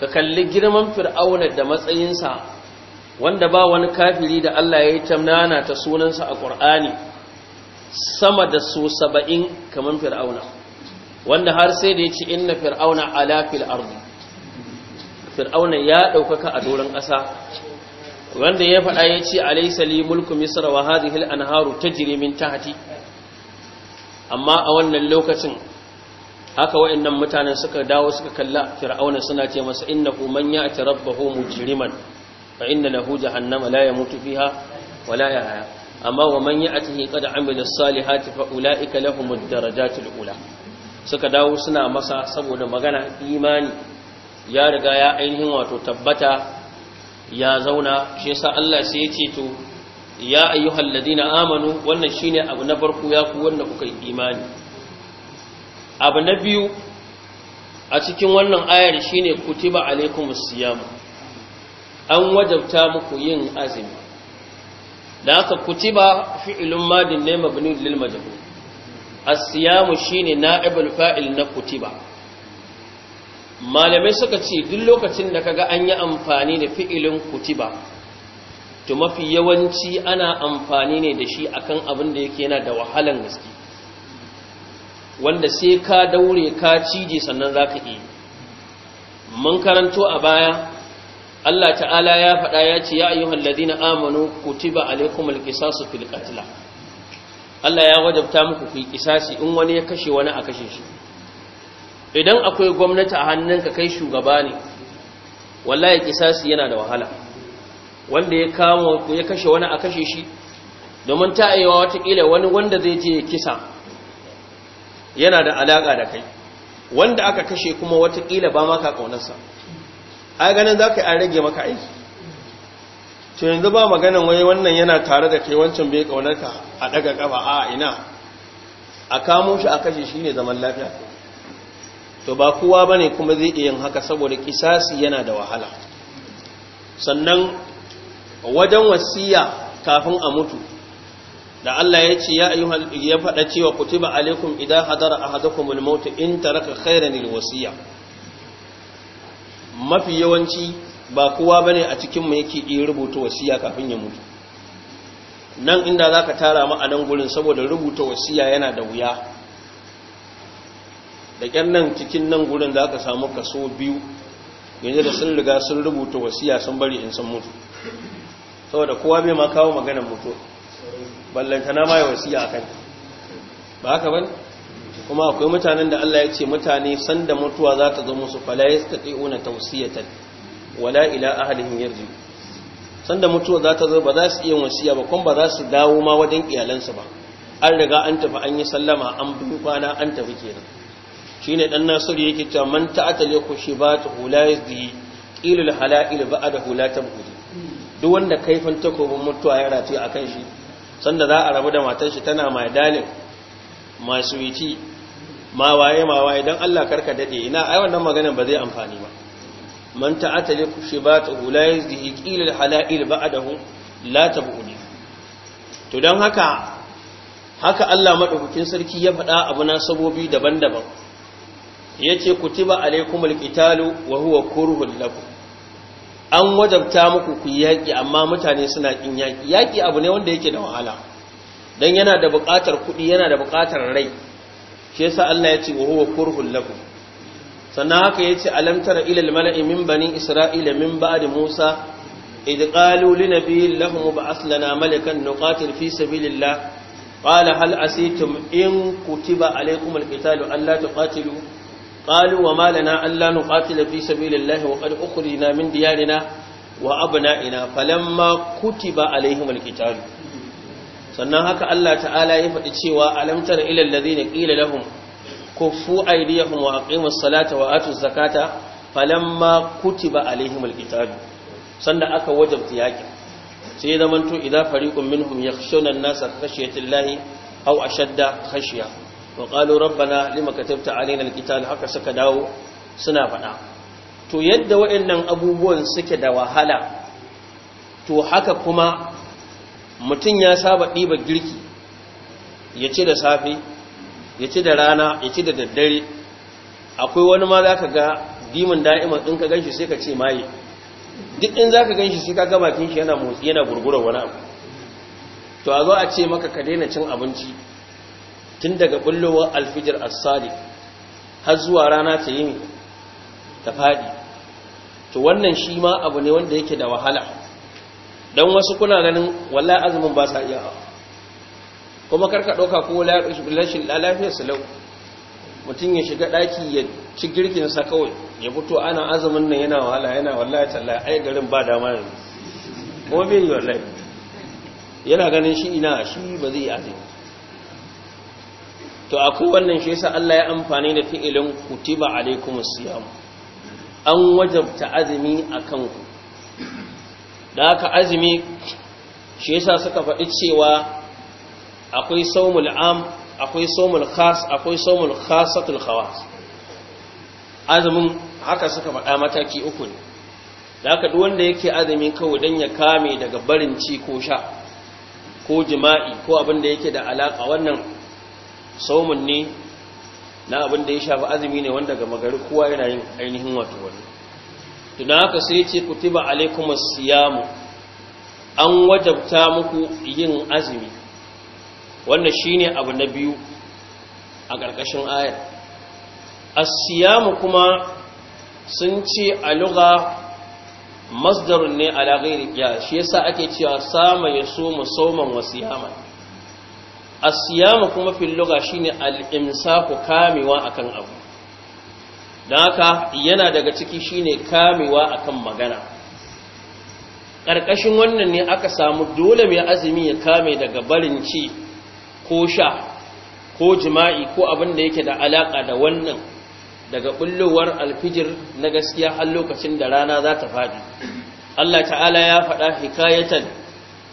ka kalli girman fir'auna da matsayinsa wanda ba wani kafiri da Allah ya yi tamnana ta sunansa a ƙur'ani sama da su saba'in kamar fir'auna wanda har sai da ya ci inna fir'auna ala fil fir'auna ya ɗaukaka a doron ƙasa wanda ya faɗa ya ce alaysa li mulku misra wa hadhihi al anharu tajri min tahti amma a wannan lokacin haka wa'annan mutanen suka dawo suka kalla fir'auna suna ce masa innahu man ya'ti rabbahu mujriman fa inna lahu jahannama la mutu fiha wala ya haya amma wa man ya'tihi qad amila salihati fa ulaika lahumud darajatul ula suka dawo suna masa saboda magana imani ya riga ya ainihin wato tabbata ya zauna shi yasa Allah sai ya ce to ya ayyuhal ladina amanu wannan shine abu na farko ya ku wanda kuka yi imani abu na biyu a cikin wannan ayar shine kutiba alaikumus siyam an wajabta muku yin azumi da aka kutiba fi'ilun madin ne mabni lil majhul as-siyamu shine na'ibul fa'il na kutiba malamai suka ce duk lokacin da kaga an yi amfani da fi'ilun kutiba to mafi yawanci ana amfani ne da shi akan abin da yake yana da wahalan gaske wanda sai ka daure ka cije sannan zaka yi mun karanto a baya Allah ta'ala ya faɗa ya ce ya ayyuhal ladina amanu kutiba alaikumul qisasu fil qatl Allah ya wajabta muku ku kisasi in wani ya kashe wani a kashe shi idan akwai gwamnati a hannunka kai shugaba ne wallahi kisasi yana da wahala wanda ya kama ku ya kashe wani a kashe shi domin ta aiwa kila wani wanda zai je ya kisa yana da alaka da kai wanda aka kashe kuma kila ba ma ka kaunarsa a ganin za ka yi an rage maka aiki to yanzu ba maganin wai wannan yana tare da kai wancan bai kaunarka a daga kafa a ina a kamo shi a kashe shi ne zaman lafiya to ba kowa ba ne kuma zai iya yin haka saboda kisasi yana da wahala sannan wajen wasiya kafin a mutu da Allah ya ce ya faɗa cewa kutiba alaikum idan hadara ahadukumul maut in taraka khairan lil wasiyya. mafi yawanci ba kowa bane a cikin mu yake iya rubuta wasiya kafin ya mutu nan inda za ka tara mu a gurin saboda rubuta wasiya yana da wuya da kyan nan cikin nan gurin za ka samu kaso biyu yanzu da sun riga sun rubuta wasiya sun bari in san mutu saboda kowa bai ma kawo maganar mutu ballantana ma yi wasiya akan ba haka bane kuma akwai mutanen da Allah ya ce mutane sanda mutuwa za ta zo musu fala yastati'una tausiyatar wala ila ahlihim yarji sanda mutuwa za ta zo ba za su iya wasiya ba kuma ba za su dawo ma wajen iyalansu ba an riga an tafi an yi sallama an bi kwana an tafi kenan shine dan nasiru yake cewa man ta'ata li khushibatuhu la ba a da hula ta tabghudi duk wanda kaifin takobin mutuwa ya rataye akan shi sanda za a rabu da matar shi tana mai dalil masu witi ma waye ma waye dan Allah karka dade ina ai wannan maganar ba zai amfani ba man ta'ata li kushibatuhu la yazdihi qila al halail ba'dahu la tabuni to dan haka haka Allah madaukakin sarki ya faɗa abu na sabobi daban-daban yace kutiba alaykumul qitalu wa huwa kurhun lakum an wajabta muku ku yaki amma mutane suna kin yaki yaki abu ne wanda yake da wahala dan yana da buƙatar kuɗi yana da buƙatar rai shi yasa Allah ya ce wa huwa kurhul lakum sannan haka yace alam tara ila almala'i min bani isra'ila min ba'di musa idh qalu li nabiyyin lahum ba'ath lana malakan nuqatil fi sabilillah qala hal asitum in kutiba alaykum alqitalu alla tuqatilu qalu wama lana alla nuqatila fi sabilillah wa qad ukhrijna min diyarina wa abna'ina falamma kutiba alayhim alqitalu sannan haka Allah ta'ala ya faɗi cewa alamtar ilal ladina qila lahum kuffu aydiyahum wa aqimus salata wa atuz zakata falamma kutiba alaihimul qital sanda aka wajabta yaki sai zamanto idza fariqun minhum yakhshawna an-nasa khashiyatallahi aw ashadda khashiya wa qalu rabbana lima katabta alaina al haka suka dawo suna faɗa to yadda waɗannan abubuwan suke da wahala to haka kuma mutum ya saba ɗiba girki ya ci da safe ya ci da rana ya ci da daddare akwai wani ma za ka ga dimin da'imar in ka gan shi sai ka ce maye duk in za ka gan shi sai ka gaba kin shi yana motsi yana gurgura wani abu to a zo a ce maka ka daina cin abinci tun daga bullowar alfijir as har zuwa rana ta yi ta faɗi to wannan shi ma abu ne wanda yake da wahala dan wasu kuna ganin wallahi azumin ba sa iya kuma karka dauka ko rashin lafiyar su lau mutum ya shiga daki ya ci girkin sa kawai ya fito ana azumin nan yana wahala yana wallahi tallahi ai garin ba dama ne kuma bai wallahi yana ganin shi ina shi ba zai azumi to akwai wannan shi yasa Allah ya amfani da fi'ilin kutiba alaikumus siyam an wajabta azumi akan ku da aka azumi shi yasa suka faɗi cewa akwai saumul am akwai saumul khas akwai saumul khasatul khawas azumin haka suka faɗa mataki uku ne da aka duk wanda yake azumi kawai dan ya kame daga barin ci ko sha ko jima'i ko abin da yake da alaka wannan saumun ne na abin da ya shafi azumi ne wanda ga magari kowa yana yin ainihin wato wani tuna haka sai ce kutiba alaikumus siyamu an wajabta muku yin azumi wannan shine abu na biyu a ƙarƙashin ayar as-siyamu kuma sun ce a lugha masdarun ne ala ghairi ya shi yasa ake cewa sama ya soma soman wa siyaman as kuma fil lugha shine al-imsaku kamewa akan abu don haka yana daga ciki shine kamewa akan magana ƙarƙashin wannan ne aka samu dole mai azumi ya kame daga barin ci ko sha ko jima'i ko abin da yake da alaƙa da wannan daga bullowar alfijir na gaskiya har lokacin da rana za ta faɗi Allah ta'ala ya faɗa hikayatan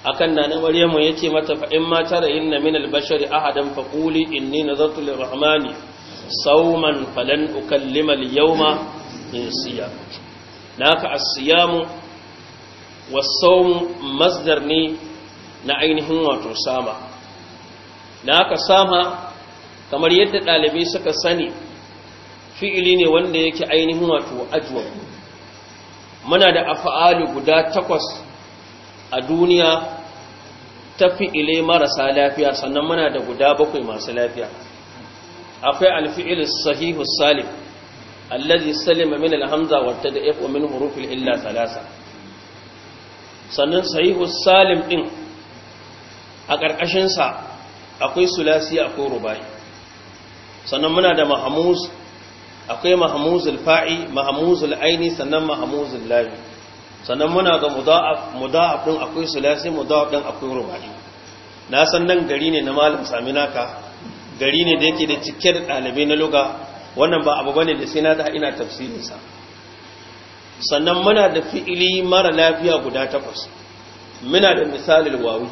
akan na na maryamu yace mata fa in ma tara inna min al-bashari ahadan faƙuli inni nazartu lir-rahmani sauman falan yauma, in siya. Na ka a siyamu was masdar ne na ainihin wato sama naka sama kamar yadda ɗalibai suka sani fi'ili ne wanda yake ainihin wato ajwa muna da af'alu guda takwas a duniya ta fi'ile marasa lafiya sannan muna da guda bakwai masu lafiya akwai alfi'il sahihu salim allazi salima min alhamza wa tadaf wa min huruf illa salasa. sannan sahihu salim din a ƙarƙashinsa sa akwai sulasi akwai rubai sannan muna da mahmuz akwai mahmuzul fa'i mahmuzul aini sannan mahmuzul lahi sannan muna ga muda'af akwai sulasi muda'af din akwai rubai na san nan gari ne na malam saminaka gari ne da yake da cike da ɗalibai na luga wannan ba abu bane da sai na da ina tafsirinsa sannan muna da fi'ili mara lafiya guda takwas muna da misalin wawi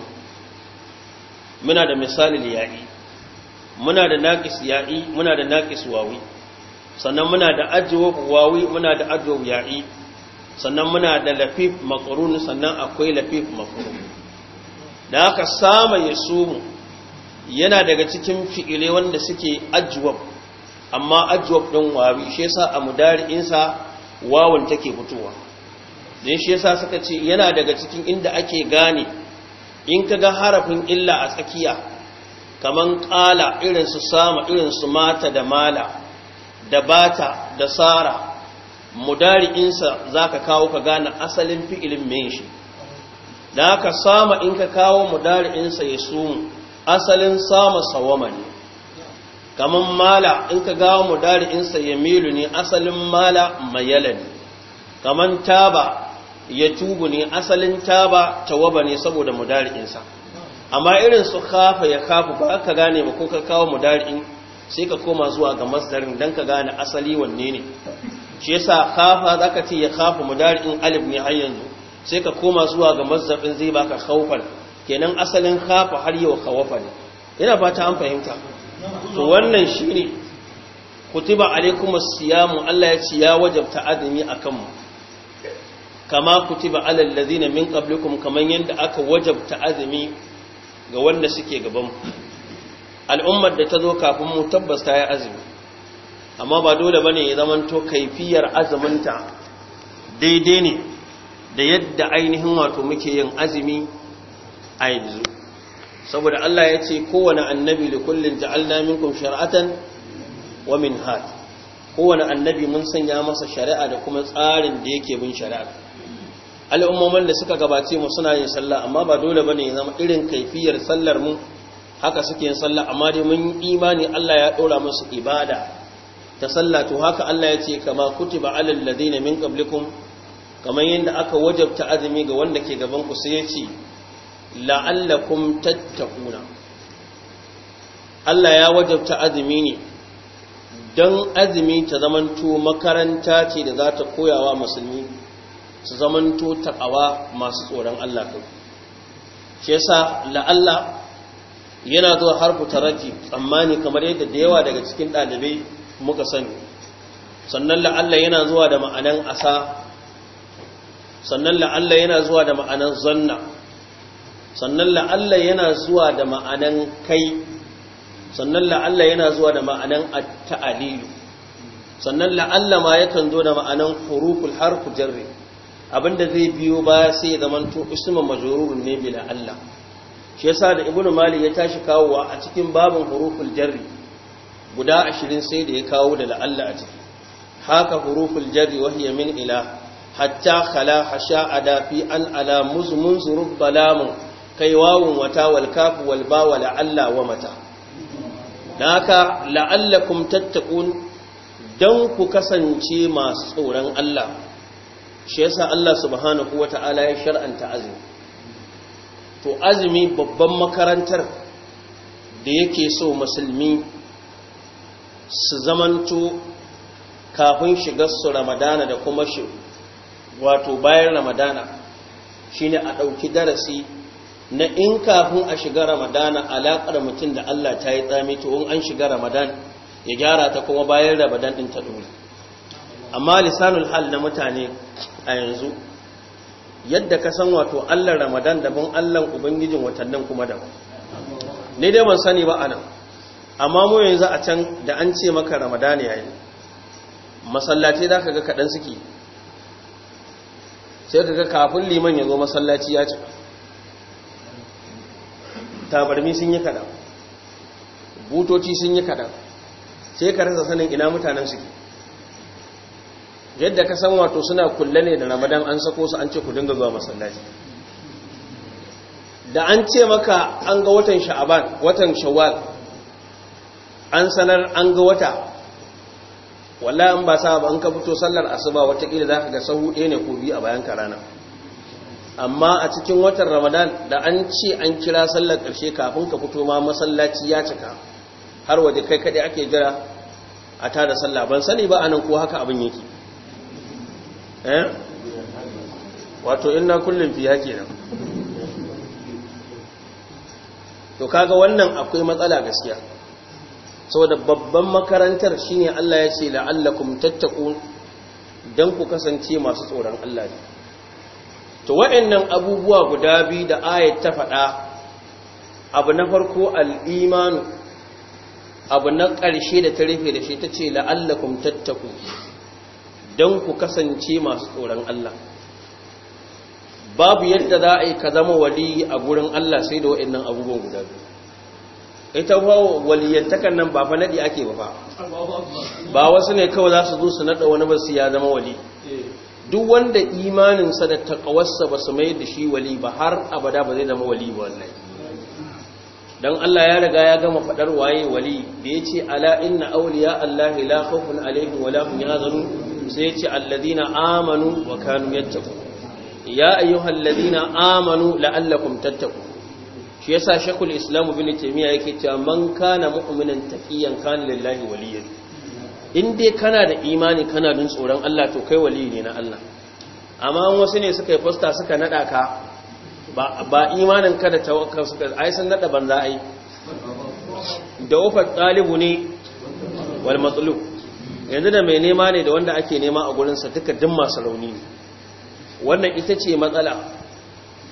muna da misalin ya'i muna da naqis ya'i muna da naqis wawi sannan muna da ajwab wawi muna da ajwab ya'i sannan muna da lafif maqrun sannan akwai lafif maqrun da aka sama yasumu yana daga cikin fi'ile wanda suke ajwab amma ajwab ɗin wawi shi yasa a mudari'insa wawan take fitowa don shi yasa suka ce yana daga cikin inda ake gane in ka ga harafin illa a tsakiya kaman irin su sama irin su mata da mala da bata da sara mudari'insa zaka kawo ka gane asalin fi'ilin men shi da aka sama in ka kawo mudari'insa ya sumu asalin sama sawama ne kamar mala in ka gawo mu dari in sa yamilu ne asalin mala mayala ne kamar taba ya tubu ne asalin taba tawaba ne saboda mu dari amma irin su kafa ya kafa ba ka gane ba ko ka kawo mu dari sai ka koma zuwa ga masdarin dan ka gane asali wanne ne shi yasa kafa zaka ce ya kafa mu dari alif ne har yanzu sai ka koma zuwa ga masdarin zai baka khaufan kenan asalin khafa har yau kawafa ne yana fata an fahimta to wannan shine kutiba alaikum as Allah ya ci ya wajabta azumi akan mu kama kutiba alal ladina min qablikum kaman yanda aka wajabta azumi ga wanda suke gaban mu al'ummar da ta zo kafin mu tabbas ta yi azumi amma ba dole bane ya zamanto kaifiyar azuminta daidai ne da yadda ainihin wato muke yin azumi a yanzu saboda Allah ya ce kowane annabi da kullum ja'alna minkum shari'atan wa minhaj kowane annabi mun sanya masa shari'a da kuma tsarin da yake bin shari'a al'ummomin da suka gabace mu suna yin sallah amma ba dole bane ya zama irin kaifiyar sallar mu haka suke yin sallah amma dai mun imani Allah ya dora musu ibada ta sallah to haka Allah ya ce kama kutiba alal ladina min qablikum kamar yadda aka wajabta azumi ga wanda ke gaban ku sai ya ce la'allakum tattakuna Allah ya wajabta azumi ne don azumi ta zamanto makaranta ce da za ta koyawa musulmi su zamanto taƙawa masu tsoron Allah kai shi yasa la'alla yana zuwa harfu taraji tsammani kamar yadda da yawa daga cikin ɗalibai muka sani sannan la'alla yana zuwa da ma'anan asa sannan la'alla yana zuwa da ma'anan zanna sannan la'alla yana zuwa da ma'anan kai sannan la'alla yana zuwa da ma'anan ta'alilu. sannan la'alla ma yakan zo da ma'anan huruful harfu jarri abinda zai biyo baya sai ya zamanto isma majrurun ne bi la'alla shi yasa da ibnu malik ya tashi kawowa a cikin babin huruful jarri guda 20 sai da ya kawo da la'alla a ciki haka huruful jarri wahiya min ila hatta khala hasha ada fi an ala balamun kai wawun wata wal kafu wal ba wa la'alla wa mata da haka la'allakum tattaqun dan ku kasance masu tsoron Allah shi yasa Allah subhanahu wata'ala ya shar'anta azumi to azumi babban makarantar da yake so musulmi su zamanto kafin shigar su ramadana da kuma shi wato bayan ramadana shine a ɗauki darasi na in kafin a shiga ramadana alaƙar mutum da Allah ta yi tsami to in an shiga ramadan ya gyara ta kuma bayan ramadan ɗin ta dole amma lisanul hal na mutane a yanzu yadda ka san wato Allah ramadan daban Allah ubangijin watannin kuma daban ne dai ban sani ba anan amma mu yanzu a can da an ce maka ramadan yayi masallaci zaka ga kaɗan suke sai kaga kafin liman ya zo masallaci ya ci tabarmi sun yi kaɗan butoci sun yi kaɗan sai ka rasa sanin ina mutanen suke yadda ka san wato suna kulle ne da ramadan an sako su an ce ku dinga zuwa masallaci da an ce maka an ga watan sha'aban watan shawwal an sanar an ga wata wallahi an ba sa ba an ka fito sallar asuba wata kila zaka ga sahu ɗaya ne ko biyu a bayan ka rana amma a cikin watan ramadan da an ce an kira sallar ƙarshe kafin ka fito ma masallaci ya cika har waje kai kaɗai ake jira a tada sallah ban sani ba anan ko haka abin yake eh? wato ina kullum fiya nan to kaga wannan akwai matsala gaskiya saboda babban makarantar shine Allah ya ce la'allakum tattaqun dan ku kasance masu tsoron Allah ne to wa'annan abubuwa guda biyu da ayat ta faɗa abu na farko al'imanu abu na ƙarshe da ta rufe da shi ta ce la'allakum tattaku don ku kasance masu tsoron Allah babu yadda za a yi ka zama wali a gurin Allah sai da wa'annan abubuwan guda biyu ita ba waliyantakan nan ba fa naɗi ake ba ba wasu ne kawai za su zo su naɗa wani ba su ya zama wali eh. duk wanda imaninsa da taqawarsa ba su mai da shi wali ba har abada ba zai zama wali ba wallahi Don Allah ya riga ya gama faɗar waye wali da yace ala inna awliya Allah la khawfun alaihim wa hum yahzanun sai ce alladhina amanu wa kanu yattaqun ya ayyuhal amanu la'allakum tattaqun shi yasa shakul Islam bin taymiya yake cewa man kana mu'minan taqiyan kana lillahi waliyan in dai kana da imani kana bin tsoron Allah to kai wali ne na Allah amma wasu ne suka yi fosta suka nada ka ba imanin ka da tawakkal suka ai sun nada banza ai da wafat talibu ne wal matlub yanzu da mai nema ne da wanda ake nema a gurin sa duka duk masu rauni ne wannan ita ce matsala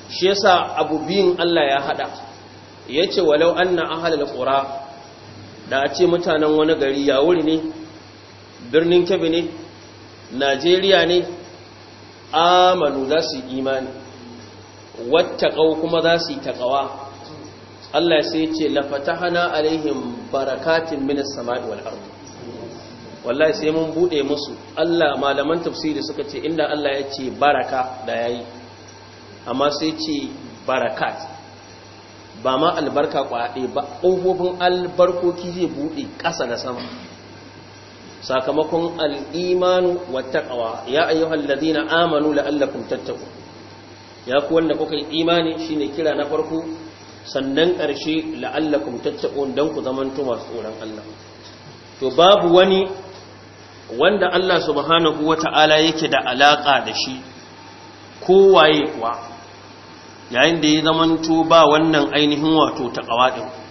shi yasa abu biyun Allah ya hada yace walau anna ahlul qura da a ce mutanen wani gari ya wuri ne birnin kebe ne najeriya ne amanu za su imani kawo kuma za su yi taƙawa allah sai ce lafata hana alaihim barakatin minas sama'i wal wallahi sai mun bude musu Allah malaman tafsiri suka ce inda Allah ya ce baraka da ya yi. amma sai ce barakat ba ma albarka kwaɗe ba ƙofofin albarkoki zai bude ƙasa da sama sakamakon al'imanu wattaqawa ya ayyuhal ladina amanu la'allakum tattaqun ya ku wanda kuka yi imani shine kira na farko sannan ƙarshe la'allakum tattaqun dan ku zaman masu tsoron Allah to babu wani wanda Allah subhanahu wata'ala yake da alaƙa da shi kowaye kuwa yayin da ya zamanto ba wannan ainihin wato taƙawa ɗinku